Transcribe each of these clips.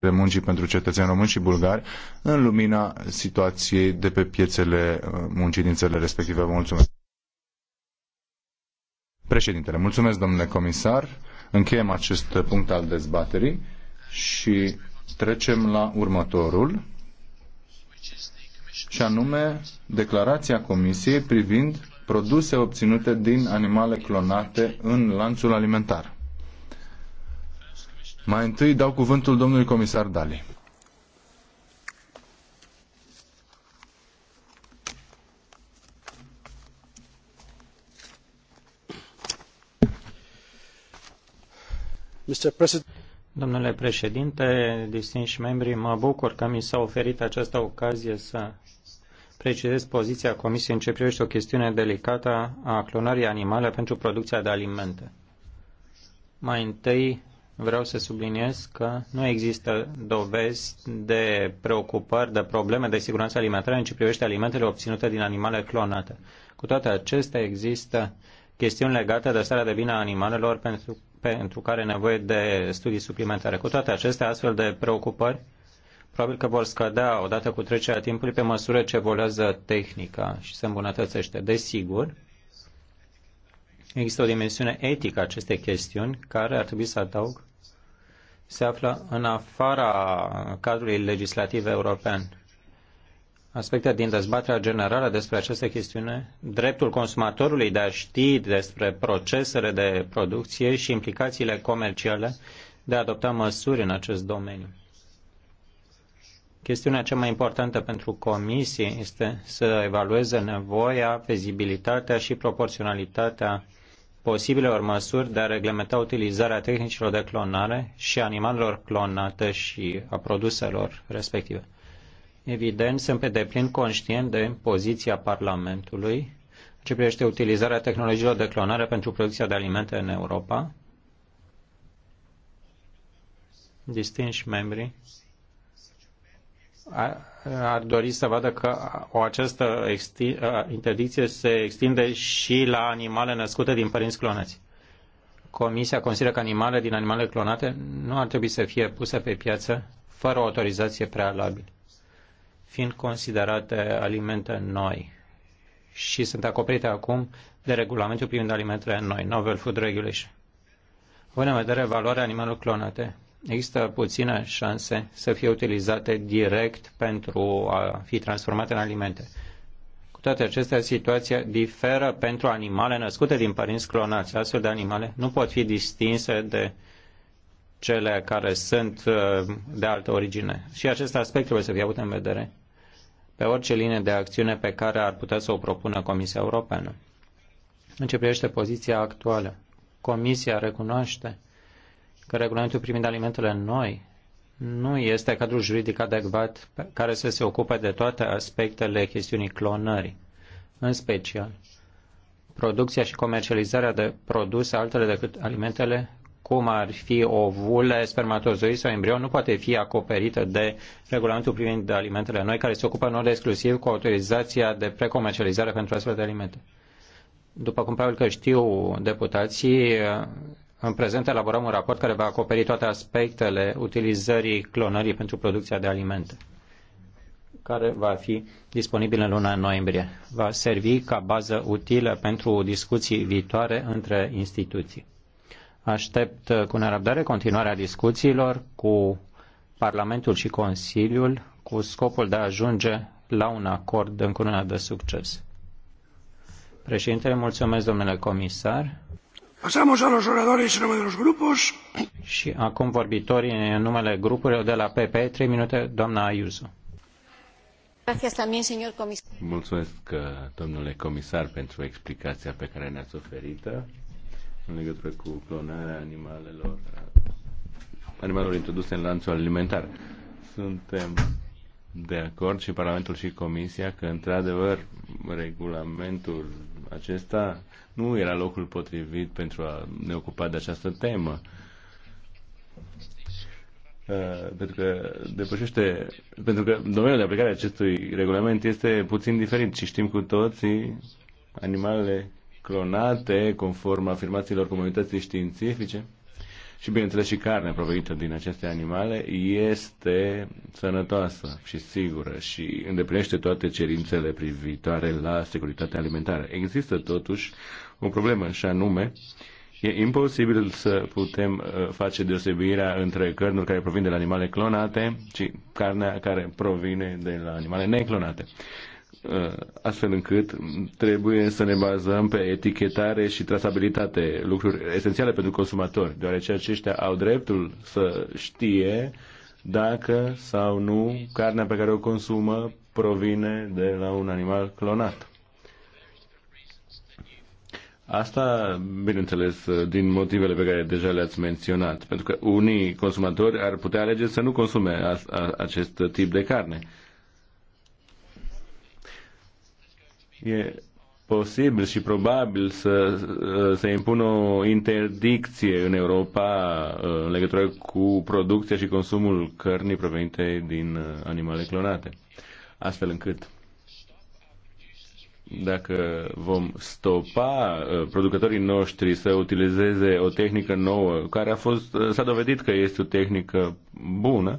de muncii pentru cetățeni români și bulgari în lumina situației de pe piețele uh, muncii din țările respective. Vă mulțumesc. Președintele, mulțumesc domnule comisar. Încheiem acest punct al dezbaterii și trecem la următorul și anume declarația Comisiei privind produse obținute din animale clonate în lanțul alimentar. Mai întâi dau cuvântul domnului comisar Dali. Domnule președinte, distinși membri, mă bucur că mi s-a oferit această ocazie să precizez poziția Comisiei în ce privește o chestiune delicată a clonării animale pentru producția de alimente. Mai întâi, vreau să subliniez că nu există dovezi de preocupări, de probleme de siguranță alimentară în ce privește alimentele obținute din animale clonate. Cu toate acestea există chestiuni legate de starea de bine a animalelor pentru, pentru care e nevoie de studii suplimentare. Cu toate acestea, astfel de preocupări probabil că vor scădea odată cu trecerea timpului pe măsură ce evoluează tehnica și se îmbunătățește. Desigur, există o dimensiune etică a acestei chestiuni care ar trebui să adaug se află în afara cadrului legislativ european. Aspecte din dezbaterea generală despre aceste chestiune, dreptul consumatorului de a ști despre procesele de producție și implicațiile comerciale de a adopta măsuri în acest domeniu. Chestiunea cea mai importantă pentru comisie este să evalueze nevoia, fezibilitatea și proporționalitatea posibilelor măsuri de a reglementa utilizarea tehnicilor de clonare și animalelor clonate și a produselor respective. Evident, sunt pe deplin conștient de poziția Parlamentului ce privește utilizarea tehnologiilor de clonare pentru producția de alimente în Europa. Distinși membrii, ar dori să vadă că o această interdicție se extinde și la animale născute din părinți clonați. Comisia consideră că animale din animale clonate nu ar trebui să fie puse pe piață fără o autorizație prealabilă, fiind considerate alimente noi și sunt acoperite acum de regulamentul privind alimentele noi, Novel Food Regulation. Având în vedere valoarea animalelor clonate, există puține șanse să fie utilizate direct pentru a fi transformate în alimente. Cu toate acestea, situația diferă pentru animale născute din părinți clonați. Astfel de animale nu pot fi distinse de cele care sunt uh, de altă origine. Și acest aspect trebuie să fie avut în vedere pe orice linie de acțiune pe care ar putea să o propună Comisia Europeană. În ce privește poziția actuală, Comisia recunoaște că regulamentul privind alimentele noi nu este cadrul juridic adecvat care să se ocupe de toate aspectele chestiunii clonării, în special producția și comercializarea de produse altele decât alimentele, cum ar fi ovule, spermatozoi sau embrion, nu poate fi acoperită de regulamentul privind alimentele noi, care se ocupă în mod exclusiv cu autorizația de precomercializare pentru astfel de alimente. După cum probabil că știu deputații, în prezent elaborăm un raport care va acoperi toate aspectele utilizării clonării pentru producția de alimente, care va fi disponibil în luna noiembrie. Va servi ca bază utilă pentru discuții viitoare între instituții. Aștept uh, cu nerăbdare continuarea discuțiilor cu Parlamentul și Consiliul cu scopul de a ajunge la un acord în de succes. Președintele, mulțumesc, domnule comisar. Pasamos a los oradores en nombre de los grupos. Și acum vorbitorii în numele grupurilor de la PP, 3 minute, doamna Ayuso. Mulțumesc, uh, domnule comisar, pentru explicația pe care ne-ați oferită uh, în legătură cu clonarea animalelor, uh, animalelor introduse în lanțul alimentar. Suntem de acord și Parlamentul și Comisia că, într-adevăr, regulamentul acesta nu era locul potrivit pentru a ne ocupa de această temă. Uh, pentru că depășește, pentru că domeniul de aplicare a acestui regulament este puțin diferit și știm cu toții animalele clonate, conform afirmațiilor comunității științifice, și bineînțeles și carne provenită din aceste animale este sănătoasă și sigură și îndeplinește toate cerințele privitoare la securitatea alimentară. Există totuși o problemă și anume E imposibil să putem uh, face deosebirea între cărnuri care provin de la animale clonate și carnea care provine de la animale neclonate. Uh, astfel încât trebuie să ne bazăm pe etichetare și trasabilitate, lucruri esențiale pentru consumatori, deoarece aceștia au dreptul să știe dacă sau nu carnea pe care o consumă provine de la un animal clonat. Asta, bineînțeles, din motivele pe care deja le-ați menționat, pentru că unii consumatori ar putea alege să nu consume acest tip de carne e posibil și probabil să uh, se impună o interdicție în Europa uh, în legătură cu producția și consumul cărnii provenite din uh, animale clonate. Astfel încât dacă vom stopa producătorii noștri să utilizeze o tehnică nouă care a fost, s-a dovedit că este o tehnică bună,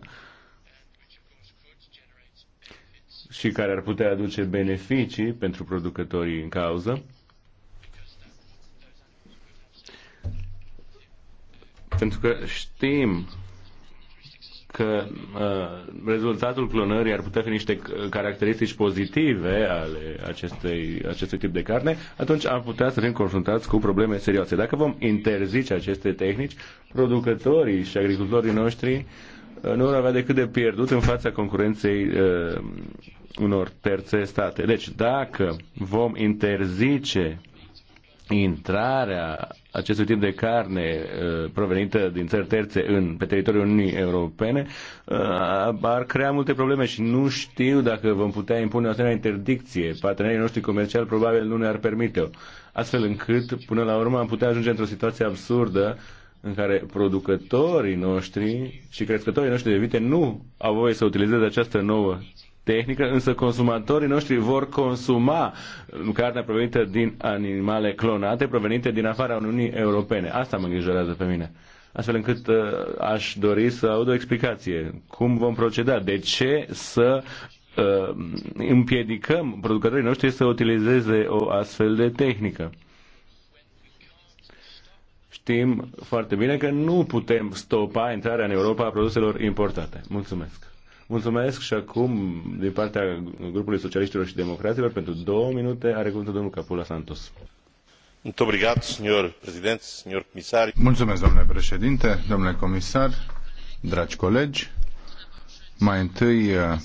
și care ar putea aduce beneficii pentru producătorii în cauză. Pentru că știm că uh, rezultatul clonării ar putea fi niște caracteristici pozitive ale acestei, acestui tip de carne, atunci am putea să fim confruntați cu probleme serioase. Dacă vom interzice aceste tehnici, producătorii și agricultorii noștri uh, Uh, nu vor avea decât de pierdut în fața concurenței uh, unor terțe state. Deci, dacă vom interzice intrarea acestui tip de carne uh, provenită din țări terțe în, pe teritoriul Uniunii Europene uh, ar crea multe probleme și nu știu dacă vom putea impune o asemenea interdicție. Partenerii noștri comerciali probabil nu ne-ar permite-o. Astfel încât, până la urmă, am putea ajunge într-o situație absurdă uh, în care producătorii noștri și crescătorii noștri de vite nu au voie să utilizeze această nouă tehnică, însă consumatorii noștri vor consuma carnea provenită din animale clonate, provenite din afara Uniunii Europene. Asta mă îngrijorează pe mine. Astfel încât uh, aș dori să aud o explicație. Cum vom proceda? De ce să uh, împiedicăm producătorii noștri să utilizeze o astfel de tehnică? știm foarte bine că nu putem stopa intrarea în Europa a produselor importate. Mulțumesc! Mulțumesc și acum, din partea grupului socialiștilor și democraților, pentru două minute are cuvântul domnul Capula Santos. Mulțumesc, domnule președinte, domnule comisar, dragi colegi. Mai întâi eh,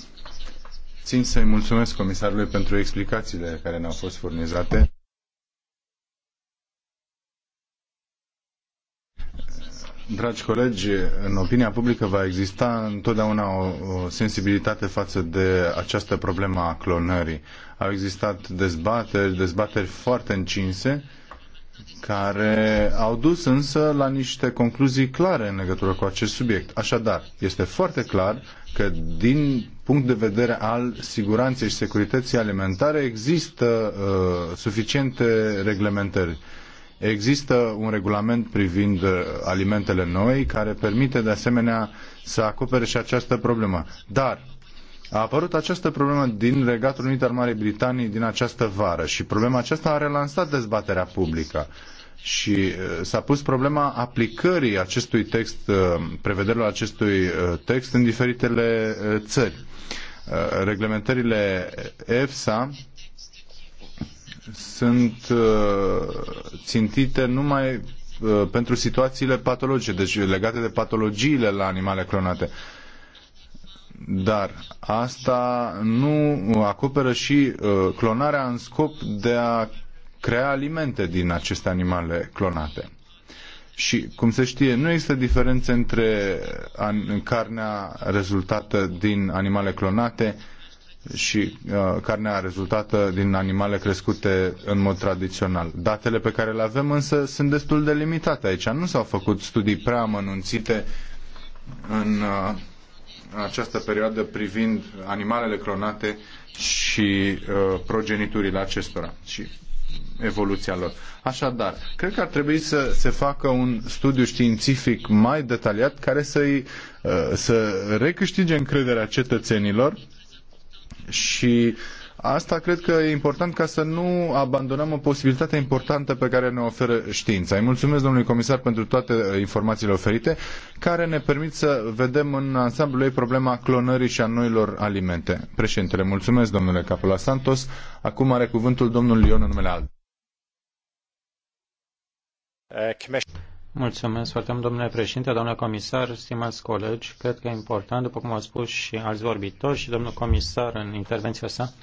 țin să-i mulțumesc comisarului pentru explicațiile care ne-au fost furnizate Dragi colegi, în opinia publică va exista întotdeauna o, o sensibilitate față de această problemă a clonării. Au existat dezbateri, dezbateri foarte încinse, care au dus însă la niște concluzii clare în legătură cu acest subiect. Așadar, este foarte clar că din punct de vedere al siguranței și securității alimentare există uh, suficiente reglementări. Uh, Există un regulament privind uh, alimentele noi care permite de asemenea să acopere și această problemă. Dar a apărut această problemă din Regatul Unit al Marii Britanii din această vară și problema aceasta a relansat dezbaterea publică și uh, s-a pus problema aplicării acestui text, uh, prevederilor acestui text în diferitele țări. Reglementările EFSA sunt uh, țintite numai uh, pentru situațiile patologice, deci legate de patologiile la animale clonate. Dar asta nu acoperă și uh, clonarea în scop de a crea alimente din aceste animale clonate. Și, cum se știe, nu există diferență între carnea rezultată din animale clonate și uh, carnea rezultată din animale crescute în mod tradițional. Datele pe care le avem însă sunt destul de limitate aici. Nu s-au făcut studii prea amănunțite în uh, această perioadă privind animalele clonate și uh, progeniturile acestora și evoluția lor. Așadar, cred că ar trebui să se facă un studiu științific mai detaliat care să-i, uh, să recâștige încrederea cetățenilor și asta cred că e important ca să nu abandonăm o posibilitate importantă pe care ne oferă știința. Îi mulțumesc domnului comisar pentru toate uh, informațiile oferite, care ne permit să vedem în ansamblul ei problema clonării și a noilor alimente. Președintele, mulțumesc domnule Capola Santos. Acum are cuvântul domnul Lion în numele alb. Uh, Mulțumesc foarte mult, domnule președinte, domnule comisar, stimați colegi. Cred că e important, după cum au spus și alți vorbitori și domnul comisar în intervenția sa,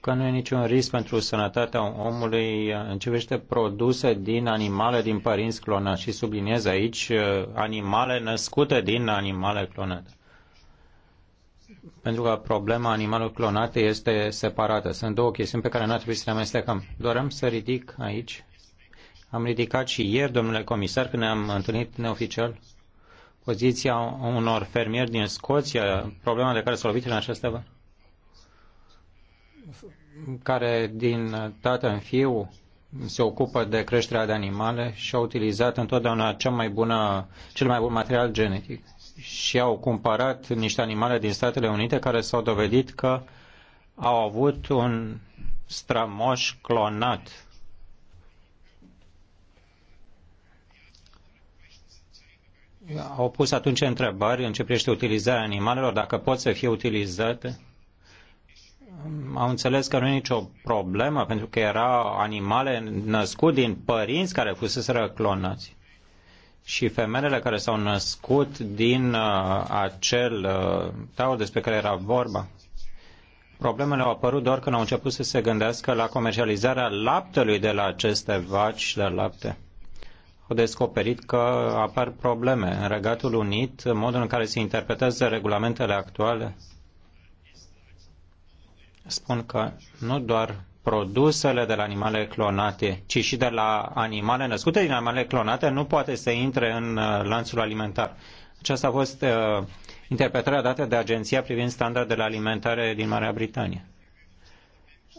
că nu e niciun risc pentru sănătatea omului în ce privește produse din animale din părinți clonați. Și subliniez aici uh, animale născute din animale clonate. Pentru că problema animalelor clonate este separată. Sunt două chestiuni pe care nu ar trebui să le amestecăm. Doream să ridic aici am ridicat și ieri, domnule comisar, când ne-am întâlnit neoficial, poziția unor fermieri din Scoția, problema de care s-a lovit în această vă care din tată în fiu se ocupă de creșterea de animale și au utilizat întotdeauna cea mai bună, cel mai bun material genetic și au cumpărat niște animale din Statele Unite care s-au dovedit că au avut un strămoș clonat au pus atunci întrebări în ce privește utilizarea animalelor, dacă pot să fie utilizate. Au înțeles că nu e nicio problemă, pentru că erau animale născute din părinți care fuseseră clonați. Și femelele care s-au născut din uh, acel uh, taur despre care era vorba, problemele au apărut doar când au început să se gândească la comercializarea laptelui de la aceste vaci de lapte au descoperit că apar probleme în Regatul Unit, în modul în care se interpretează regulamentele actuale. Spun că nu doar produsele de la animale clonate, ci și de la animale născute din animale clonate, nu poate să intre în uh, lanțul alimentar. Aceasta a fost uh, interpretarea dată de Agenția privind standardele alimentare din Marea Britanie.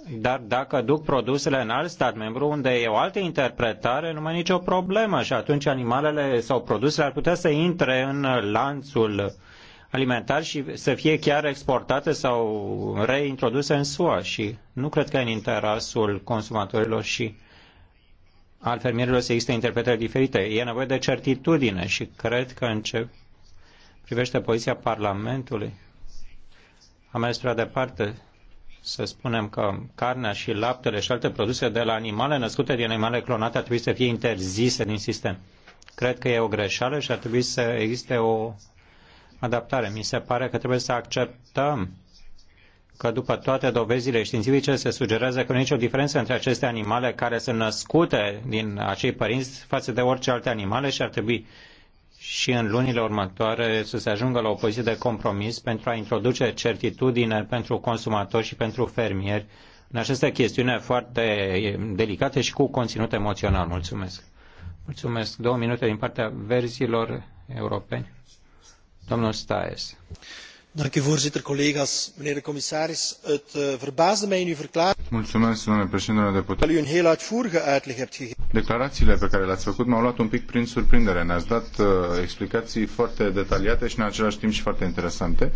Dar dacă duc produsele în alt stat membru unde e o altă interpretare, nu mai e nicio problemă și atunci animalele sau produsele ar putea să intre în lanțul alimentar și să fie chiar exportate sau reintroduse în SUA și nu cred că e în interesul consumatorilor și al fermierilor să existe interpretări diferite. E nevoie de certitudine și cred că în ce privește poziția Parlamentului am mers prea departe să spunem că carnea și laptele și alte produse de la animale născute din animale clonate ar trebui să fie interzise din sistem. Cred că e o greșeală și ar trebui să existe o adaptare. Mi se pare că trebuie să acceptăm că după toate dovezile științifice se sugerează că nu e nicio diferență între aceste animale care sunt născute din acei părinți față de orice alte animale și ar trebui și în lunile următoare să se ajungă la o poziție de compromis pentru a introduce certitudine pentru consumatori și pentru fermieri în această chestiune foarte delicată și cu conținut emoțional. Mulțumesc. Mulțumesc. Două minute din partea verzilor europeni. Domnul Staes voorzitter collega's mijnheer de commissaris het eh, verbaasde mij in uw verklaring dat u een heel uitvoerige uitleg hebt gegeven. declarațiile pe care le ați făcut m au luat un pic prin surprindere ne ați dat eh, explicații foarte detaliate și în același timp și foarte interesante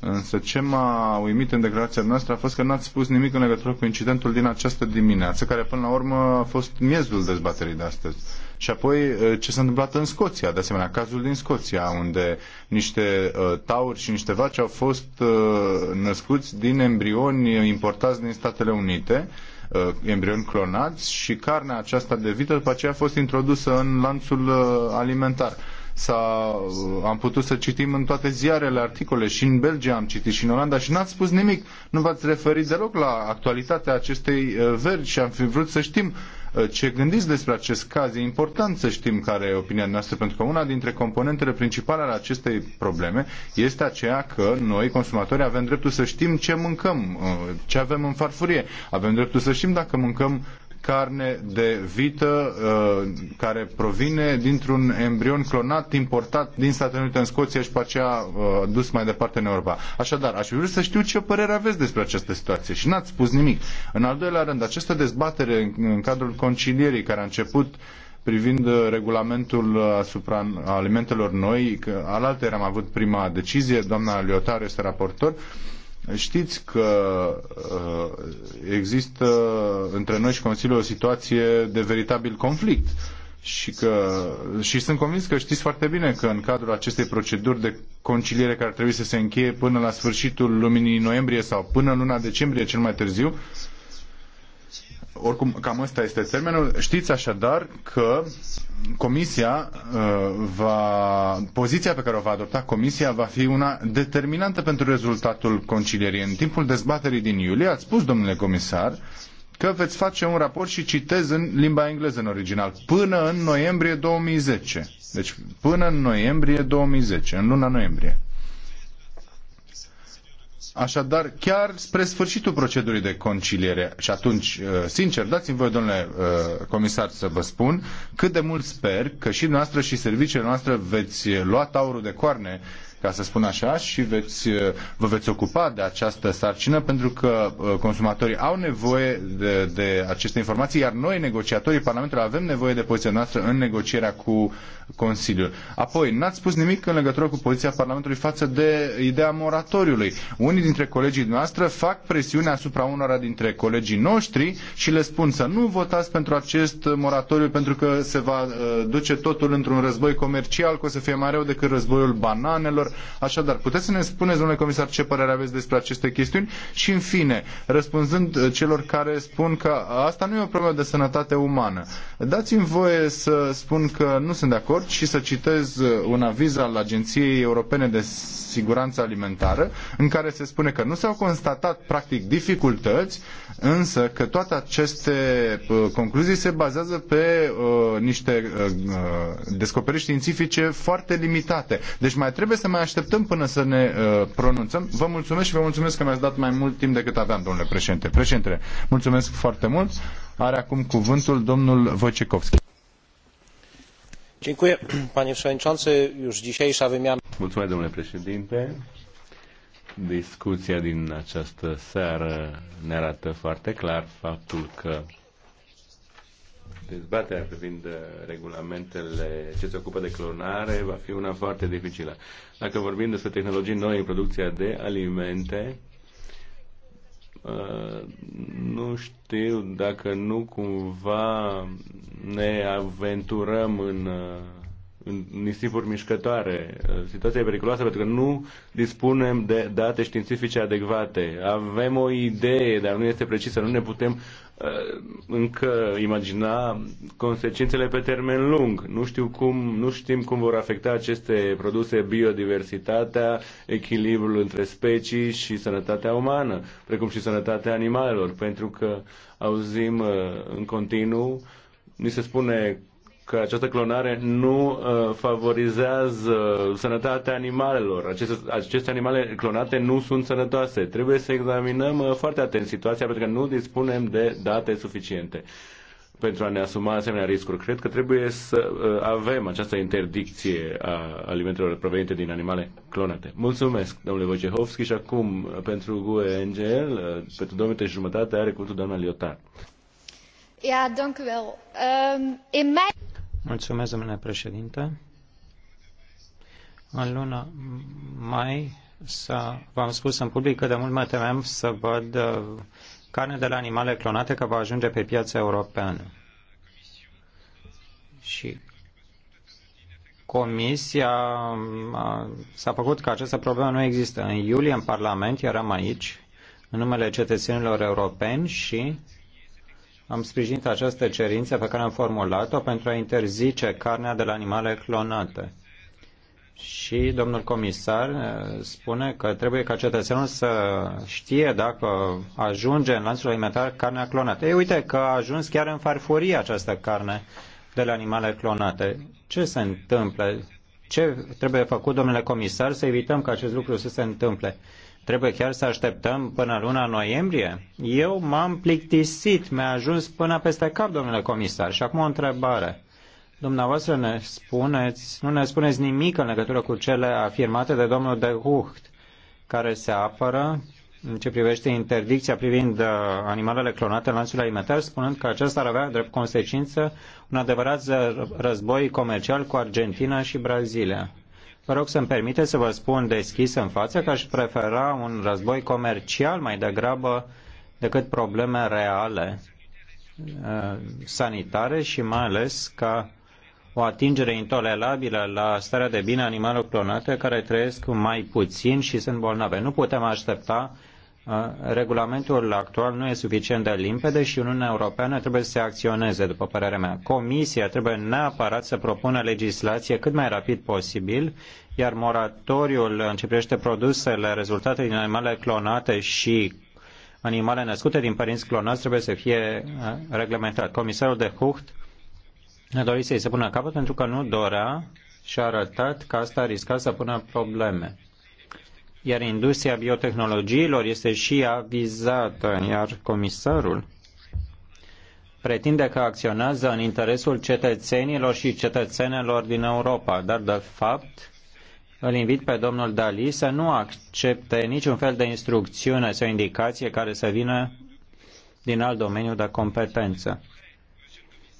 însă ce m-a uimit în declarația noastră a fost că n-ați spus nimic în legătură cu incidentul din această dimineață care până la urmă a fost miezul dezbaterii de astăzi. Și apoi ă, ce s-a întâmplat în Scoția, de asemenea, cazul din Scoția, unde niște ă, tauri și niște vaci au fost ă, născuți din embrioni importați din Statele Unite, embrioni clonați și carnea aceasta de vită după aceea a fost introdusă în lanțul alimentar s-a, am putut să citim în toate ziarele articole și în Belgia am citit și în Olanda și n-ați spus nimic. Nu v-ați referit deloc la actualitatea acestei verzi. și am fi vrut să știm Uh, ce gândiți despre acest caz. E important să știm care e opinia noastră, pentru că una dintre componentele principale ale acestei probleme este aceea că noi, consumatorii, avem dreptul să știm ce mâncăm, uh, ce avem în farfurie. Avem dreptul să știm dacă mâncăm carne de vită uh, care provine dintr-un embrion clonat importat din Statele Unite în Scoția și pe aceea uh, dus mai departe în Europa. Așadar, aș vrea să știu ce părere aveți despre această situație și n-ați spus nimic. În al doilea rând, această dezbatere în cadrul concilierii care a început privind uh, regulamentul asupra alimentelor noi, că alaltă am avut prima decizie, doamna Liotare este raportor, uh, Știți că uh, există între noi și Consiliul o situație de veritabil conflict și că și sunt convins că știți foarte bine că în cadrul acestei proceduri de conciliere care ar trebui să se încheie până la sfârșitul luminii noiembrie sau până în luna decembrie cel mai târziu, uh, oricum, cam ăsta este termenul. Știți așadar că comisia uh, va, poziția pe care o va adopta comisia va fi una determinantă pentru rezultatul concilierii. În timpul dezbaterii din iulie ați spus, domnule comisar, că veți face un raport și citez în limba engleză în original, până în noiembrie 2010. Deci până în noiembrie 2010, în luna noiembrie. Așadar, chiar spre sfârșitul procedurii de conciliere, și atunci, uh, sincer, dați-mi voi, domnule uh, comisar, să vă spun cât de mult sper că și noastră și serviciile noastre veți lua taurul de coarne ca să spun așa, și veți, uh, vă veți ocupa de această sarcină pentru că uh, consumatorii au nevoie de, de aceste informații, iar noi, negociatorii Parlamentului, avem nevoie de poziția noastră în negocierea cu Consiliul. Apoi, n-ați spus nimic în legătură cu poziția Parlamentului față de ideea moratoriului. Unii dintre colegii noastre fac presiune asupra unora dintre colegii noștri și le spun să nu votați pentru acest moratoriu pentru că se va uh, duce totul într-un război comercial, că o să fie mai rău decât războiul bananelor. Așadar, puteți să ne spuneți, domnule comisar, ce părere aveți despre aceste chestiuni? Și, în fine, răspunzând uh, celor care spun că asta nu e o problemă de sănătate umană, dați-mi voie să spun că nu sunt de acord și să citez uh, un aviz al Agenției Europene de Siguranță Alimentară, în care se spune că nu s-au constatat, practic, dificultăți, însă că toate aceste uh, concluzii se bazează pe uh, niște uh, descoperiri științifice foarte limitate. Deci mai trebuie să mai mai așteptăm până să ne uh, pronunțăm. Vă mulțumesc și vă mulțumesc că mi-ați dat mai mult timp decât aveam, domnule președinte. Președinte, mulțumesc foarte mult. Are acum cuvântul domnul Wojciechowski. Mulțumesc, domnule președinte. Discuția din această seară ne arată foarte clar faptul că dezbaterea privind uh, regulamentele ce se ocupă de clonare va fi una foarte dificilă. Dacă vorbim despre tehnologii noi în producția de alimente, uh, nu știu dacă nu cumva ne aventurăm în, uh, în nisipuri mișcătoare. Situația e periculoasă pentru că nu dispunem de date științifice adecvate. Avem o idee, dar nu este precisă. Nu ne putem Eh, încă imagina consecințele pe termen lung. Nu, știu cum, nu știm cum vor afecta aceste produse biodiversitatea, echilibrul între specii și sănătatea umană, precum și sănătatea animalelor, pentru că auzim eh, în continuu ni se spune că această clonare nu uh, favorizează sănătatea animalelor. Aceste, aceste animale clonate nu sunt sănătoase. Trebuie să examinăm uh, foarte atent situația pentru că nu dispunem de date suficiente pentru a ne asuma asemenea riscuri. Cred că trebuie să uh, avem această interdicție a alimentelor provenite din animale clonate. Mulțumesc, domnule Wojciechowski, și acum pentru GUE NGL, uh, pentru 2 uh, minute și jumătate, are cuvântul doamna Liotar. Ja, dank u wel. Um, in mijn... Mulțumesc, domnule președinte. În luna mai v-am spus în public că de mult mă temeam să văd uh, carne de la animale clonate că va ajunge pe piața europeană. Și Comisia um, s-a făcut că această problemă nu există. În iulie, în Parlament, eram aici, în numele cetățenilor europeni și am sprijinit această cerință pe care am formulat-o pentru a interzice carnea de la animale clonate. Și domnul comisar eh, spune că trebuie ca cetățenul să știe dacă ajunge în lanțul alimentar carnea clonată. Ei, uite că a ajuns chiar în farfurie această carne de la animale clonate. Ce se întâmplă? Ce trebuie făcut, domnule comisar, să evităm ca acest lucru să se întâmple? Trebuie chiar să așteptăm până luna noiembrie? Eu m-am plictisit, mi-a ajuns până peste cap, domnule comisar. Și acum o întrebare. Dumneavoastră ne spuneți, nu ne spuneți nimic în legătură cu cele afirmate de domnul de Hucht, care se apără în ce privește interdicția privind uh, animalele clonate în lanțul alimentar, spunând că acesta ar avea drept consecință un adevărat război comercial cu Argentina și Brazilia. Vă rog să-mi permite să vă spun deschis în față că aș prefera un război comercial mai degrabă decât probleme reale uh, sanitare și mai ales ca o atingere intolerabilă la starea de bine animalelor clonate care trăiesc mai puțin și sunt bolnave. Nu putem aștepta regulamentul actual nu e suficient de limpede și Uniunea Europeană trebuie să se acționeze, după părerea mea. Comisia trebuie neapărat să propună legislație cât mai rapid posibil, iar moratoriul în ce privește produsele rezultate din animale clonate și animale născute din părinți clonați trebuie să fie reglementat. Comisarul de Hucht ne dorit să-i se pună capăt pentru că nu dorea și a arătat că asta risca să pună probleme iar industria biotehnologiilor este și avizată, iar comisarul pretinde că acționează în interesul cetățenilor și cetățenelor din Europa, dar de fapt îl invit pe domnul Dali să nu accepte niciun fel de instrucțiune sau indicație care să vină din alt domeniu de competență.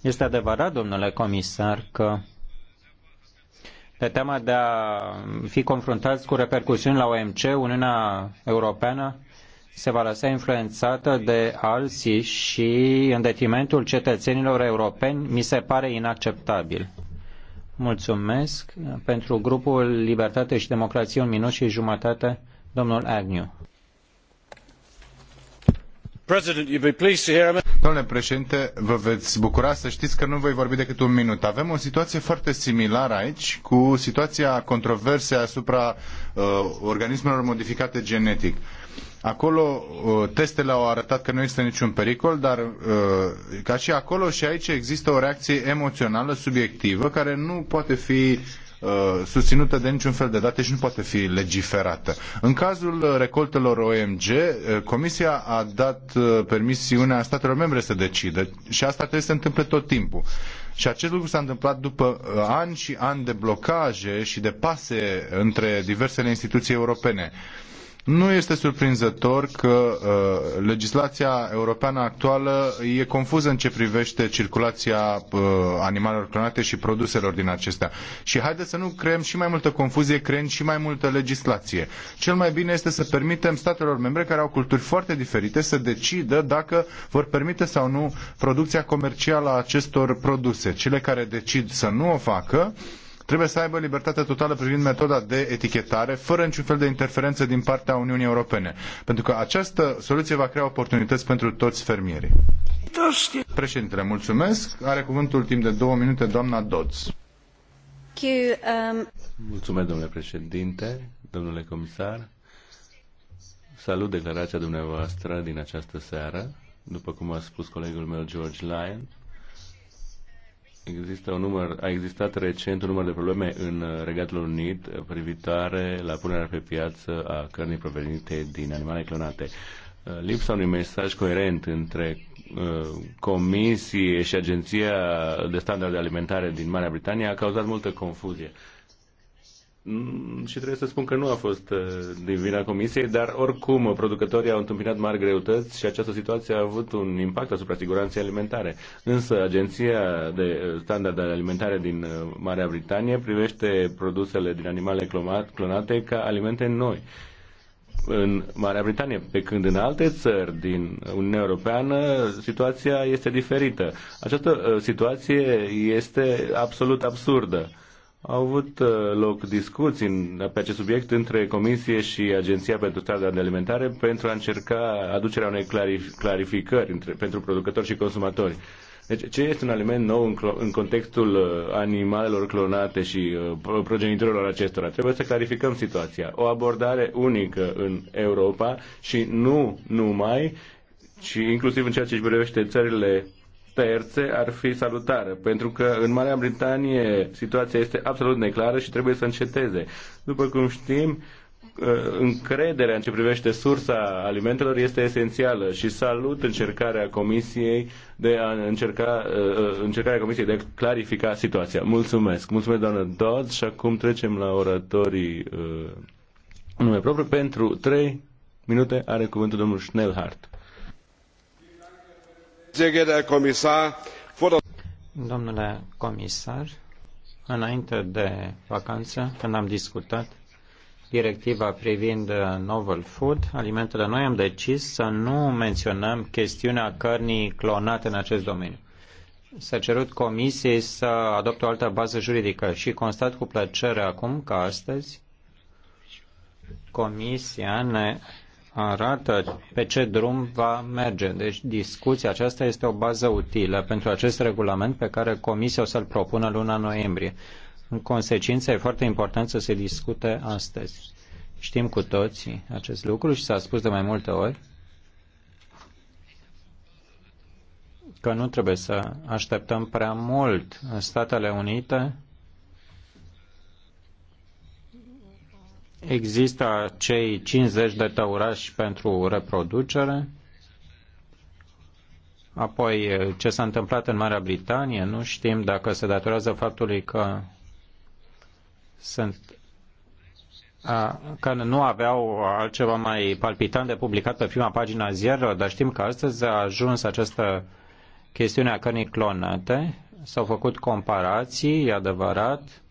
Este adevărat, domnule comisar, că de teama de a fi confruntați cu repercusiuni la OMC, Uniunea Europeană se va lăsa influențată de alții și în detrimentul cetățenilor europeni mi se pare inacceptabil. Mulțumesc pentru grupul Libertate și Democrație un minut și jumătate, domnul Agnew. Domnule președinte, vă veți bucura să știți că nu voi vorbi decât un minut. Avem o situație foarte similară aici cu situația controversei asupra uh, organismelor modificate genetic. Acolo uh, testele au arătat că nu este niciun pericol, dar uh, ca și acolo și aici există o reacție emoțională, subiectivă, care nu poate fi Uh, susținută de niciun fel de date și nu poate fi legiferată. În cazul uh, recoltelor OMG, uh, Comisia a dat permisiunea statelor membre să decidă și asta trebuie să se întâmple tot timpul. Și acest lucru s-a întâmplat după ani și ani de blocaje și de pase între diversele instituții europene. Uh, nu este surprinzător că uh, legislația europeană actuală e confuză în ce privește circulația uh, animalelor clonate și produselor din acestea. Și haideți să nu creăm și mai multă confuzie, creând și mai multă legislație. Cel mai bine este să permitem statelor membre care au culturi foarte diferite să decidă dacă vor permite sau nu producția comercială a acestor produse. Cele care decid să nu o facă, uh, trebuie să aibă libertate totală privind metoda de etichetare, fără niciun fel de interferență din partea Uniunii Europene. Pentru că această soluție va crea oportunități pentru toți fermierii. Președintele, mulțumesc. Are cuvântul timp de două minute doamna Dodds. Um, mulțumesc, domnule președinte, domnule comisar. Salut declarația dumneavoastră din această seară. După cum a spus colegul meu George Lyon, Există un număr, a existat recent un număr de probleme în Regatul Unit privitoare la punerea pe piață a cărnii provenite din animale clonate. Lipsa unui mesaj coerent între uh, Comisie și Agenția de Standarde Alimentare din Marea Britanie a cauzat multă confuzie. Mm, și trebuie să spun că nu a fost uh, din vina Comisiei, dar oricum uh, producătorii au întâmpinat mari greutăți și această situație a avut un impact asupra siguranței alimentare. Însă Agenția de uh, Standarde Alimentare din Marea Britanie privește produsele din animale clonate ca alimente noi în Marea Britanie, pe când în alte țări din Uniunea Europeană situația este diferită. Această situație este absolut absurdă au avut uh, loc discuții pe acest subiect între Comisie și Agenția pentru Standarde Alimentare pentru a încerca aducerea unei clarif- clarificări între, pentru producători și consumatori. Deci, ce este un aliment nou în, în contextul uh, animalelor clonate și uh, progenitorilor acestora? Trebuie să clarificăm situația. O abordare unică în Europa și nu numai, ci inclusiv în ceea ce își privește țările terțe ar fi salutară, pentru că în Marea Britanie situația este absolut neclară și trebuie să înceteze. După cum știm, uh, încrederea în ce privește sursa alimentelor este esențială și salut încercarea Comisiei de a încerca, uh, uh, încercarea Comisiei de a clarifica situația. Mulțumesc. Mulțumesc, doamnă Dodd, și acum trecem la oratorii nume propriu. Pentru trei minute are cuvântul domnul Schnellhardt sehr geehrter herr kommissar vor der Domnule comisar, înainte de vacanță, când am discutat directiva privind uh, novel food, alimentele noi, am decis să nu menționăm chestiunea cărnii clonate în acest domeniu. S-a cerut comisiei să adopte o altă bază juridică și constat cu plăcere acum că astăzi Comisia ne arată pe ce drum va merge. Deci discuția aceasta este o bază utilă pentru acest regulament pe care Comisia o să-l propună luna noiembrie. În consecință, e foarte important să se discute astăzi. Știm cu toții acest lucru și s-a spus de mai multe ori că nu trebuie să așteptăm prea mult în Statele Unite Există cei 50 de tăurași pentru reproducere. Apoi, ce s-a întâmplat în Marea Britanie, nu știm dacă se datorează faptului că sunt a, că nu aveau altceva mai palpitant de publicat pe prima pagina ziarelor, dar știm că astăzi a ajuns această chestiune a cărnii clonate. S-au făcut comparații, e adevărat,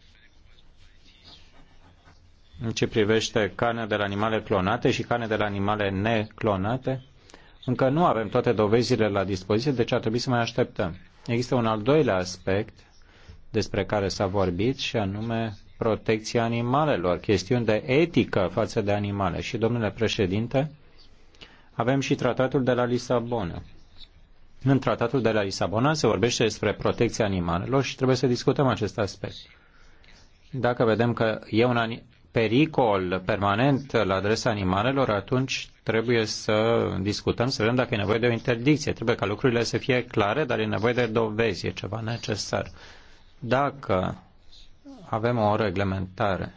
în ce privește carne de la animale clonate și carne de la animale neclonate, încă nu avem toate dovezile la dispoziție, deci ar trebui să mai așteptăm. Există un al doilea aspect despre care s-a vorbit și anume protecția animalelor, chestiuni de etică față de animale. Și, domnule președinte, avem și tratatul de la Lisabona. În tratatul de la Lisabona se vorbește despre protecția animalelor și trebuie să discutăm acest aspect. Dacă vedem că e un pericol permanent la adresa animalelor, atunci trebuie să discutăm, să vedem dacă e nevoie de o interdicție. Trebuie ca lucrurile să fie clare, dar e nevoie de dovezi, e ceva necesar. Dacă avem o reglementare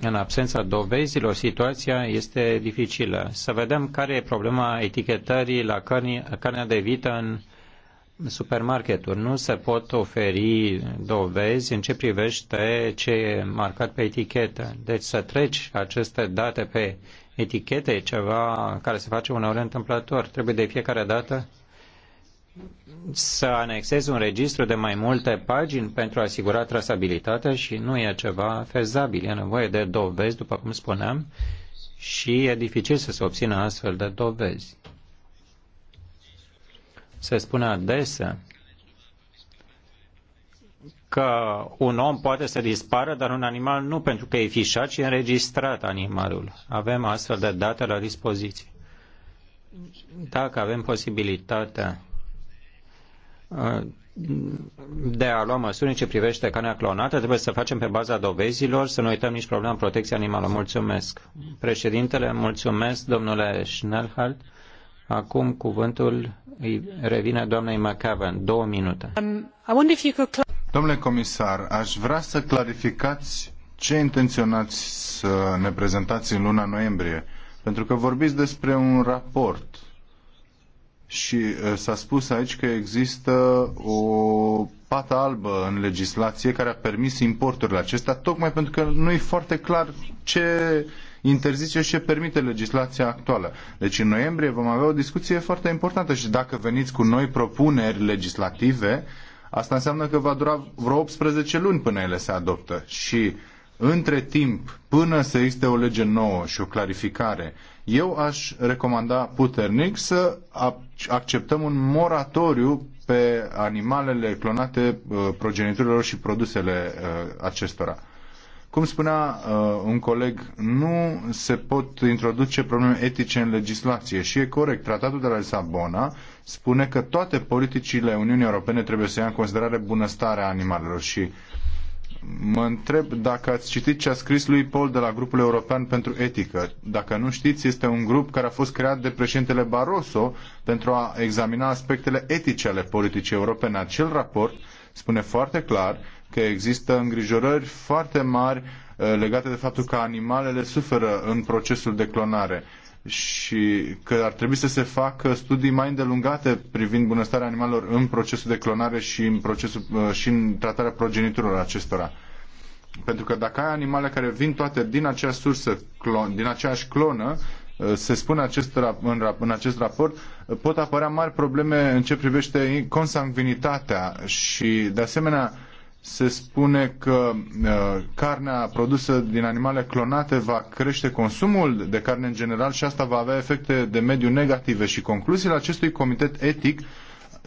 în absența dovezilor, situația este dificilă. Să vedem care e problema etichetării la carnea de vită în supermarketuri. Nu se pot oferi dovezi în ce privește ce e marcat pe etichetă. Deci să treci aceste date pe etichete e ceva care se face uneori întâmplător. Trebuie de fiecare dată să anexezi un registru de mai multe pagini pentru a asigura trasabilitatea și nu e ceva fezabil. E nevoie de dovezi, după cum spuneam, și e dificil să se obțină astfel de dovezi. Se spune adesea că un om poate să dispară, dar un animal nu, pentru că e fișat și înregistrat animalul. Avem astfel de date la dispoziție. Dacă avem posibilitatea uh, de a lua măsuri în ce privește carnea clonată, trebuie să facem pe baza dovezilor, să nu uităm nici problema protecției animalelor. Mulțumesc. Președintele, mulțumesc, domnule Schnellhardt. Acum cuvântul îi revine doamnei McAvan. Două minute. Um, Domnule comisar, aș vrea să clarificați ce intenționați să ne prezentați în luna noiembrie. Pentru că vorbiți despre un raport și s-a spus aici că există o pată albă în legislație care a permis importurile acestea, tocmai pentru că nu e foarte clar ce interzice și permite legislația actuală. Deci în noiembrie vom avea o discuție foarte importantă și dacă veniți cu noi propuneri legislative, asta înseamnă că va dura vreo 18 luni până ele se adoptă și între timp, până să existe o lege nouă și o clarificare, eu aș recomanda puternic să acceptăm un moratoriu pe animalele clonate uh, progenitorilor și produsele uh, acestora. Cum spunea uh, un coleg, nu se pot introduce probleme etice în legislație și e corect. Tratatul de la Lisabona spune că toate politicile Uniunii Europene trebuie să ia în considerare bunăstarea animalelor și mă întreb dacă ați citit ce a scris lui Paul de la grupul european pentru etică. Dacă nu știți, este un grup care a fost creat de președintele Barroso pentru a examina aspectele etice ale politicii europene. Acel raport spune foarte clar că există îngrijorări foarte mari uh, legate de faptul că animalele suferă în procesul de clonare și că ar trebui să se facă studii mai îndelungate privind bunăstarea animalelor în procesul de clonare și în, procesul, uh, și în tratarea progeniturilor acestora. Pentru că dacă ai animale care vin toate din aceeași sursă, clon, din aceeași clonă, uh, se spune acest, în, în acest raport, pot apărea mari probleme în ce privește consanguinitatea și, de asemenea, se spune că uh, carnea produsă din animale clonate va crește consumul de carne în general și asta va avea efecte de mediu negative și concluziile acestui comitet etic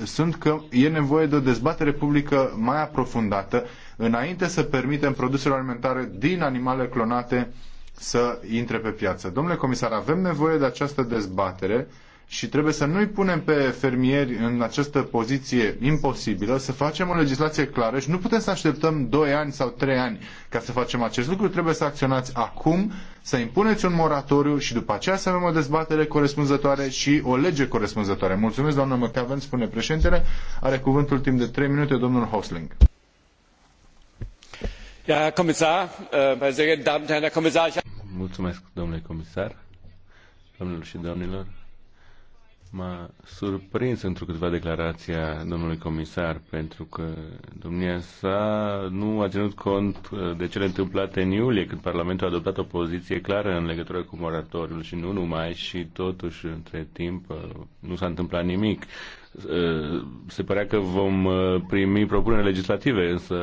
sunt că e nevoie de o dezbatere publică mai aprofundată înainte să permitem produselor alimentare din animale clonate să intre pe piață. Domnule comisar, avem nevoie de această dezbatere și trebuie să nu-i punem pe fermieri în această poziție imposibilă, să facem o legislație clară și nu putem să așteptăm 2 ani sau 3 ani ca să facem acest lucru. Trebuie să acționați acum, să impuneți un moratoriu și după aceea să avem o dezbatere corespunzătoare și o lege corespunzătoare. Mulțumesc, doamnă McAven, spune președintele. Are cuvântul timp de 3 minute domnul Hosling. Ja, Herr Kommissar, äh, meine sehr geehrten Damen und Herren, Herr Kommissar, ich... Mulțumesc, domnule comisar, domnilor și domnilor. M-a surprins într-o câteva declarația domnului comisar, pentru că domnia sa nu a ținut cont uh, de cele întâmplate în iulie, când Parlamentul a adoptat o poziție clară în legătură cu moratoriul și nu numai, și totuși între timp uh, nu s-a întâmplat nimic. Uh, se părea că vom primi propuneri legislative, însă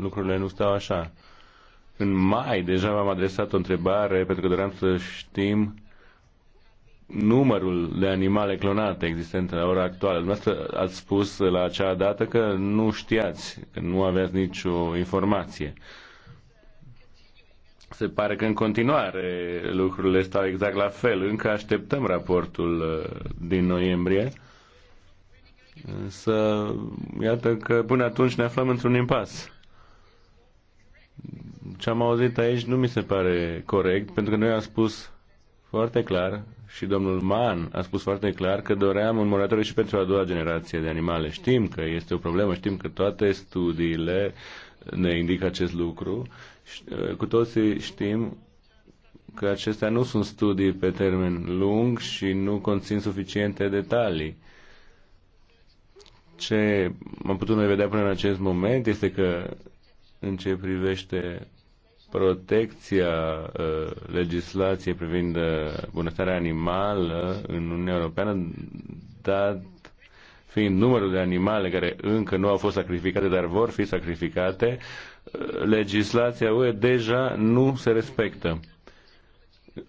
lucrurile nu stau așa. În mai deja v-am adresat o întrebare, pentru că doream să știm numărul de animale clonate existente la ora actuală. Dumneavoastră ați spus la acea dată că nu știați, că nu aveați nicio informație. Se pare că în continuare lucrurile stau exact la fel. Încă așteptăm raportul uh, din noiembrie. Însă, iată că până atunci ne aflăm într-un impas. Ce am auzit aici nu mi se pare corect, pentru că noi am spus foarte clar și domnul Mann a spus foarte clar că doream un moratoriu și pentru a doua generație de animale. Știm că este o problemă, știm că toate studiile ne indică acest lucru. Ă, cu toții știm că acestea nu sunt studii pe termen lung și nu conțin suficiente detalii. Ce am putut noi vedea până în acest moment este că în ce privește protecția uh, legislației privind uh, bunăstarea animală în Uniunea Europeană, dat fiind numărul de animale care încă nu au fost sacrificate, dar vor fi sacrificate, uh, legislația UE deja nu se respectă.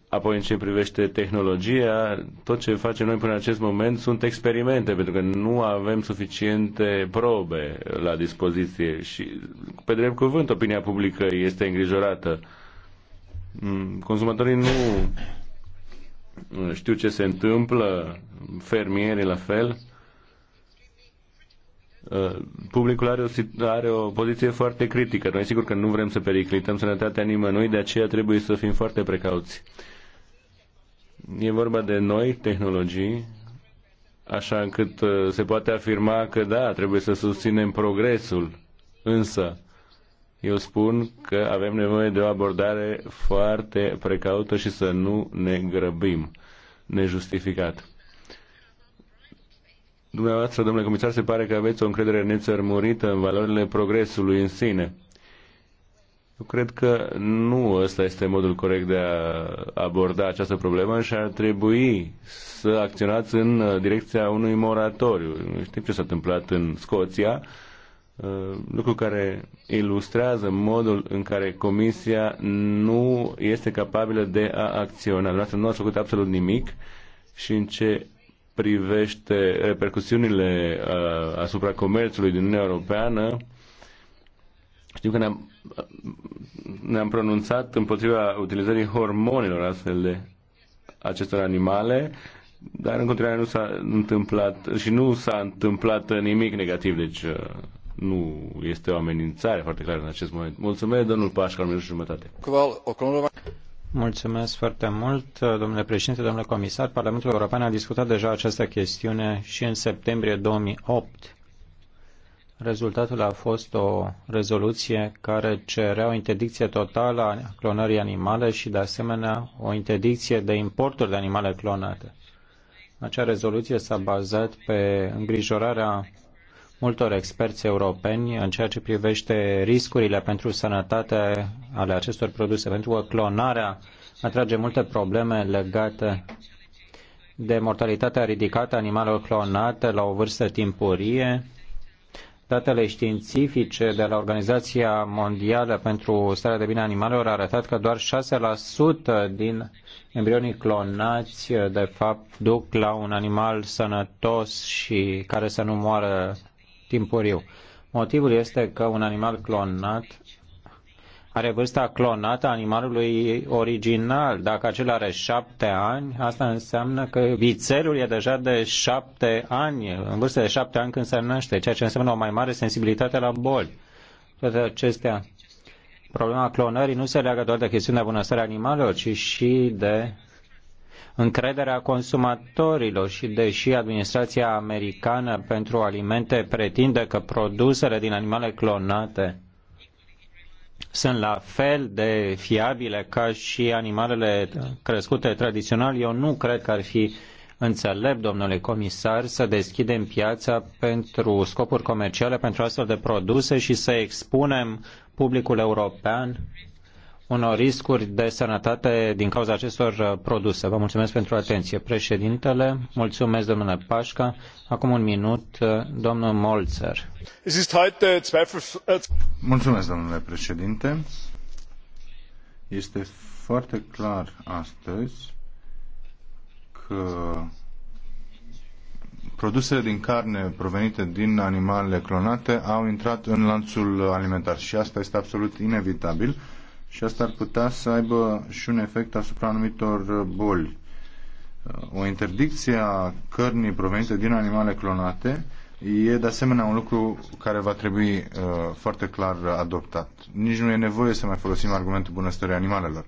Apoi, în ce privește tehnologia, tot ce facem noi până în acest moment sunt experimente, pentru că nu avem suficiente probe la dispoziție și, pe drept cuvânt, opinia publică este îngrijorată. Mm, consumatorii nu știu ce se întâmplă, fermierii la fel. Uh, publicul are o, are o poziție foarte critică. Noi sigur că nu vrem să periclităm sănătatea nimănui, de aceea trebuie să fim foarte precauți. E vorba de noi tehnologii, așa încât uh, se poate afirma că da, trebuie să susținem progresul, însă eu spun că avem nevoie de o abordare foarte precaută și să nu ne grăbim nejustificat. Dumneavoastră, domnule comisar, se pare că aveți o încredere nețărmurită în valorile progresului în sine. Eu cred că nu ăsta este modul corect de a aborda această problemă și ar trebui să acționați în uh, direcția unui moratoriu. Știm ce s-a întâmplat în Scoția, uh, lucru care ilustrează modul în care Comisia nu este capabilă de a acționa. nu ați făcut absolut nimic și în ce privește repercusiunile uh, asupra comerțului din Uniunea Europeană, știu că ne-am, ne-am pronunțat împotriva utilizării hormonilor astfel de acestor animale, dar în continuare nu s-a întâmplat și nu s-a întâmplat nimic negativ, deci uh, nu este o amenințare foarte clară în acest moment. Mulțumesc, domnul Pașcal, al minut și jumătate. Mulțumesc foarte mult, domnule președinte, domnule comisar. Parlamentul European a discutat deja această chestiune și în septembrie 2008. Rezultatul a fost o rezoluție care cerea o interdicție totală a clonării animale și, de asemenea, o interdicție de importuri de animale clonate. Acea rezoluție s-a bazat pe îngrijorarea multor experți europeni în ceea ce privește riscurile pentru sănătate ale acestor produse, pentru că clonarea atrage multe probleme legate de mortalitatea ridicată a animalelor clonate la o vârstă timpurie, datele științifice de la Organizația Mondială pentru Starea de Bine a Animalelor a arătat că doar 6% din embrionii clonați de fapt duc la un animal sănătos și care să nu moară timpuriu. Motivul este că un animal clonat are vârsta clonată a animalului original. Dacă acela are șapte ani, asta înseamnă că vițelul e deja de șapte ani, în vârstă de șapte ani când se naște, ceea ce înseamnă o mai mare sensibilitate la boli. Toate acestea. Problema clonării nu se leagă doar de chestiunea bunăstării animalelor, ci și de încrederea consumatorilor și deși administrația americană pentru alimente pretinde că produsele din animale clonate sunt la fel de fiabile ca și animalele crescute tradițional, eu nu cred că ar fi înțelept, domnule comisar, să deschidem piața pentru scopuri comerciale, pentru astfel de produse și să expunem publicul european unor riscuri de sănătate din cauza acestor uh, produse. Vă mulțumesc pentru atenție. Președintele, mulțumesc domnule Pașca. Acum un minut, uh, domnul Molzer. Mulțumesc, domnule președinte. Este foarte clar astăzi că produsele din carne provenite din animale clonate au intrat în lanțul alimentar și asta este absolut inevitabil și asta ar putea să aibă și un efect asupra anumitor boli. O interdicție a cărnii provenite din animale clonate e de asemenea un lucru care va trebui uh, foarte clar adoptat. Nici nu e nevoie să mai folosim argumentul bunăstării animalelor.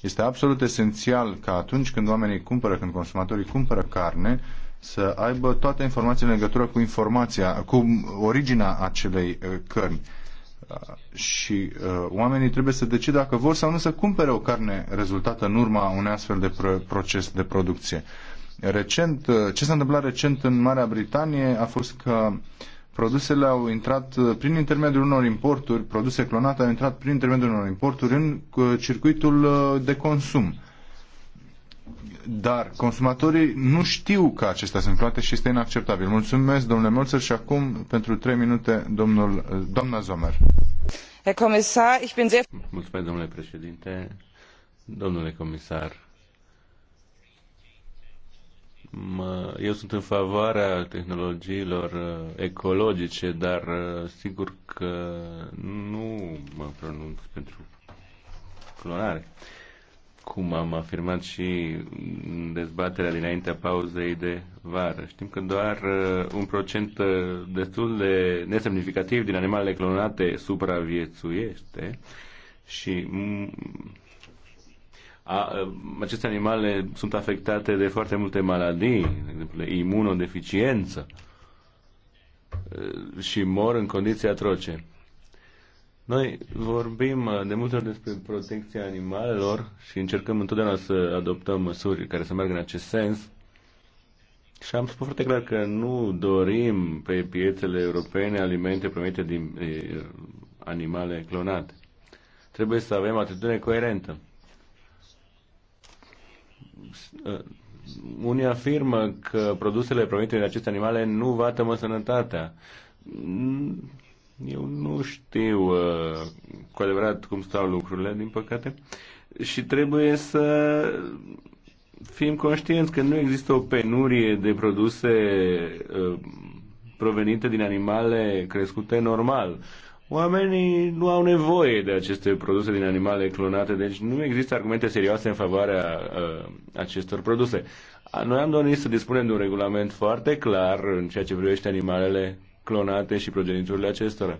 Este absolut esențial ca atunci când oamenii cumpără, când consumatorii cumpără carne, să aibă toate informațiile în legătură cu informația, cu originea acelei uh, cărni Uh, și uh, oamenii trebuie să decidă dacă vor sau nu să cumpere o carne rezultată în urma unui astfel de proces de producție. Recent, uh, ce s-a întâmplat recent în Marea Britanie a fost că produsele au intrat uh, prin intermediul unor importuri, produse clonate au intrat prin intermediul unor importuri în circuitul de consum dar consumatorii nu știu că acestea sunt plate și este inacceptabil. Mulțumesc, domnule Molțăr, și acum, pentru trei minute, domnul, doamna Zomer. Comisar, ich bin sehr... Mulțumesc, domnule președinte. Domnule comisar, mă, eu sunt în favoarea tehnologiilor uh, ecologice, dar uh, sigur că nu mă pronunț pentru clonare. Uh, cum am afirmat și în dezbaterea dinaintea pauzei de vară. Știm că doar uh, un procent uh, destul de nesemnificativ din animalele clonate supraviețuiește și mm, a, uh, aceste animale sunt afectate de foarte multe maladii, de exemplu imunodeficiență și mor în condiții atroce. Noi vorbim uh, de multe ori despre protecția animalelor și încercăm întotdeauna să adoptăm măsuri care să meargă în acest sens. Și am spus foarte clar că nu dorim pe piețele europene alimente provenite din e, animale clonate. Trebuie să avem atitudine coerentă. Uh, unii afirmă că produsele provenite din aceste animale nu vată mă sănătatea eu nu știu uh, cu adevărat cum stau lucrurile, din păcate, și trebuie să fim conștienți că nu există o penurie de produse uh, provenite din animale crescute normal. Oamenii nu au nevoie de aceste produse din animale clonate, deci nu există argumente serioase în favoarea uh, acestor produse. Noi am dorit să dispunem de un regulament foarte clar în ceea ce privește animalele clonate și progeniturile acestora.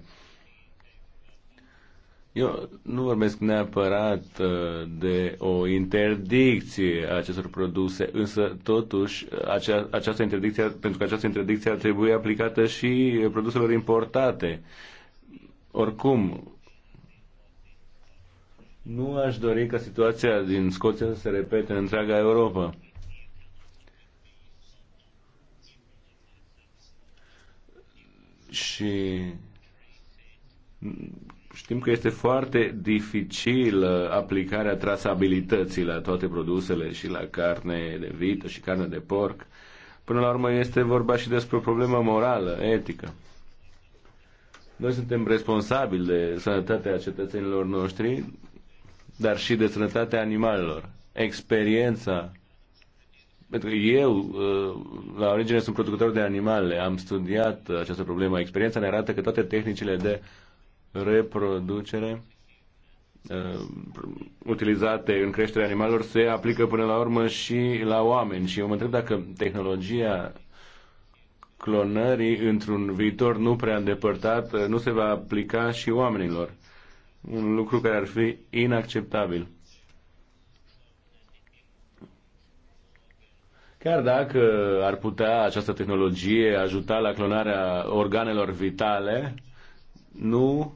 Eu nu vorbesc neapărat uh, de o interdicție a acestor produse, însă totuși acea, această interdicție, pentru că această interdicție ar trebui aplicată și produselor importate. Oricum, nu aș dori ca situația din Scoția să se repete în întreaga Europa. și știm că este foarte dificil uh, aplicarea trasabilității la toate produsele și la carne de vită și carne de porc. Până la urmă este vorba și despre o problemă morală, etică. Noi suntem responsabili de sănătatea cetățenilor noștri, dar și de sănătatea animalelor. Experiența pentru că eu, uh, la origine, sunt producător de animale, am studiat această problemă. Experiența ne arată că toate tehnicile de reproducere uh, utilizate în creșterea animalelor se aplică până la urmă și la oameni. Și eu mă întreb dacă tehnologia clonării într-un viitor nu prea îndepărtat uh, nu se va aplica și oamenilor. Un lucru care ar fi inacceptabil. Chiar dacă ar putea această tehnologie ajuta la clonarea organelor vitale, nu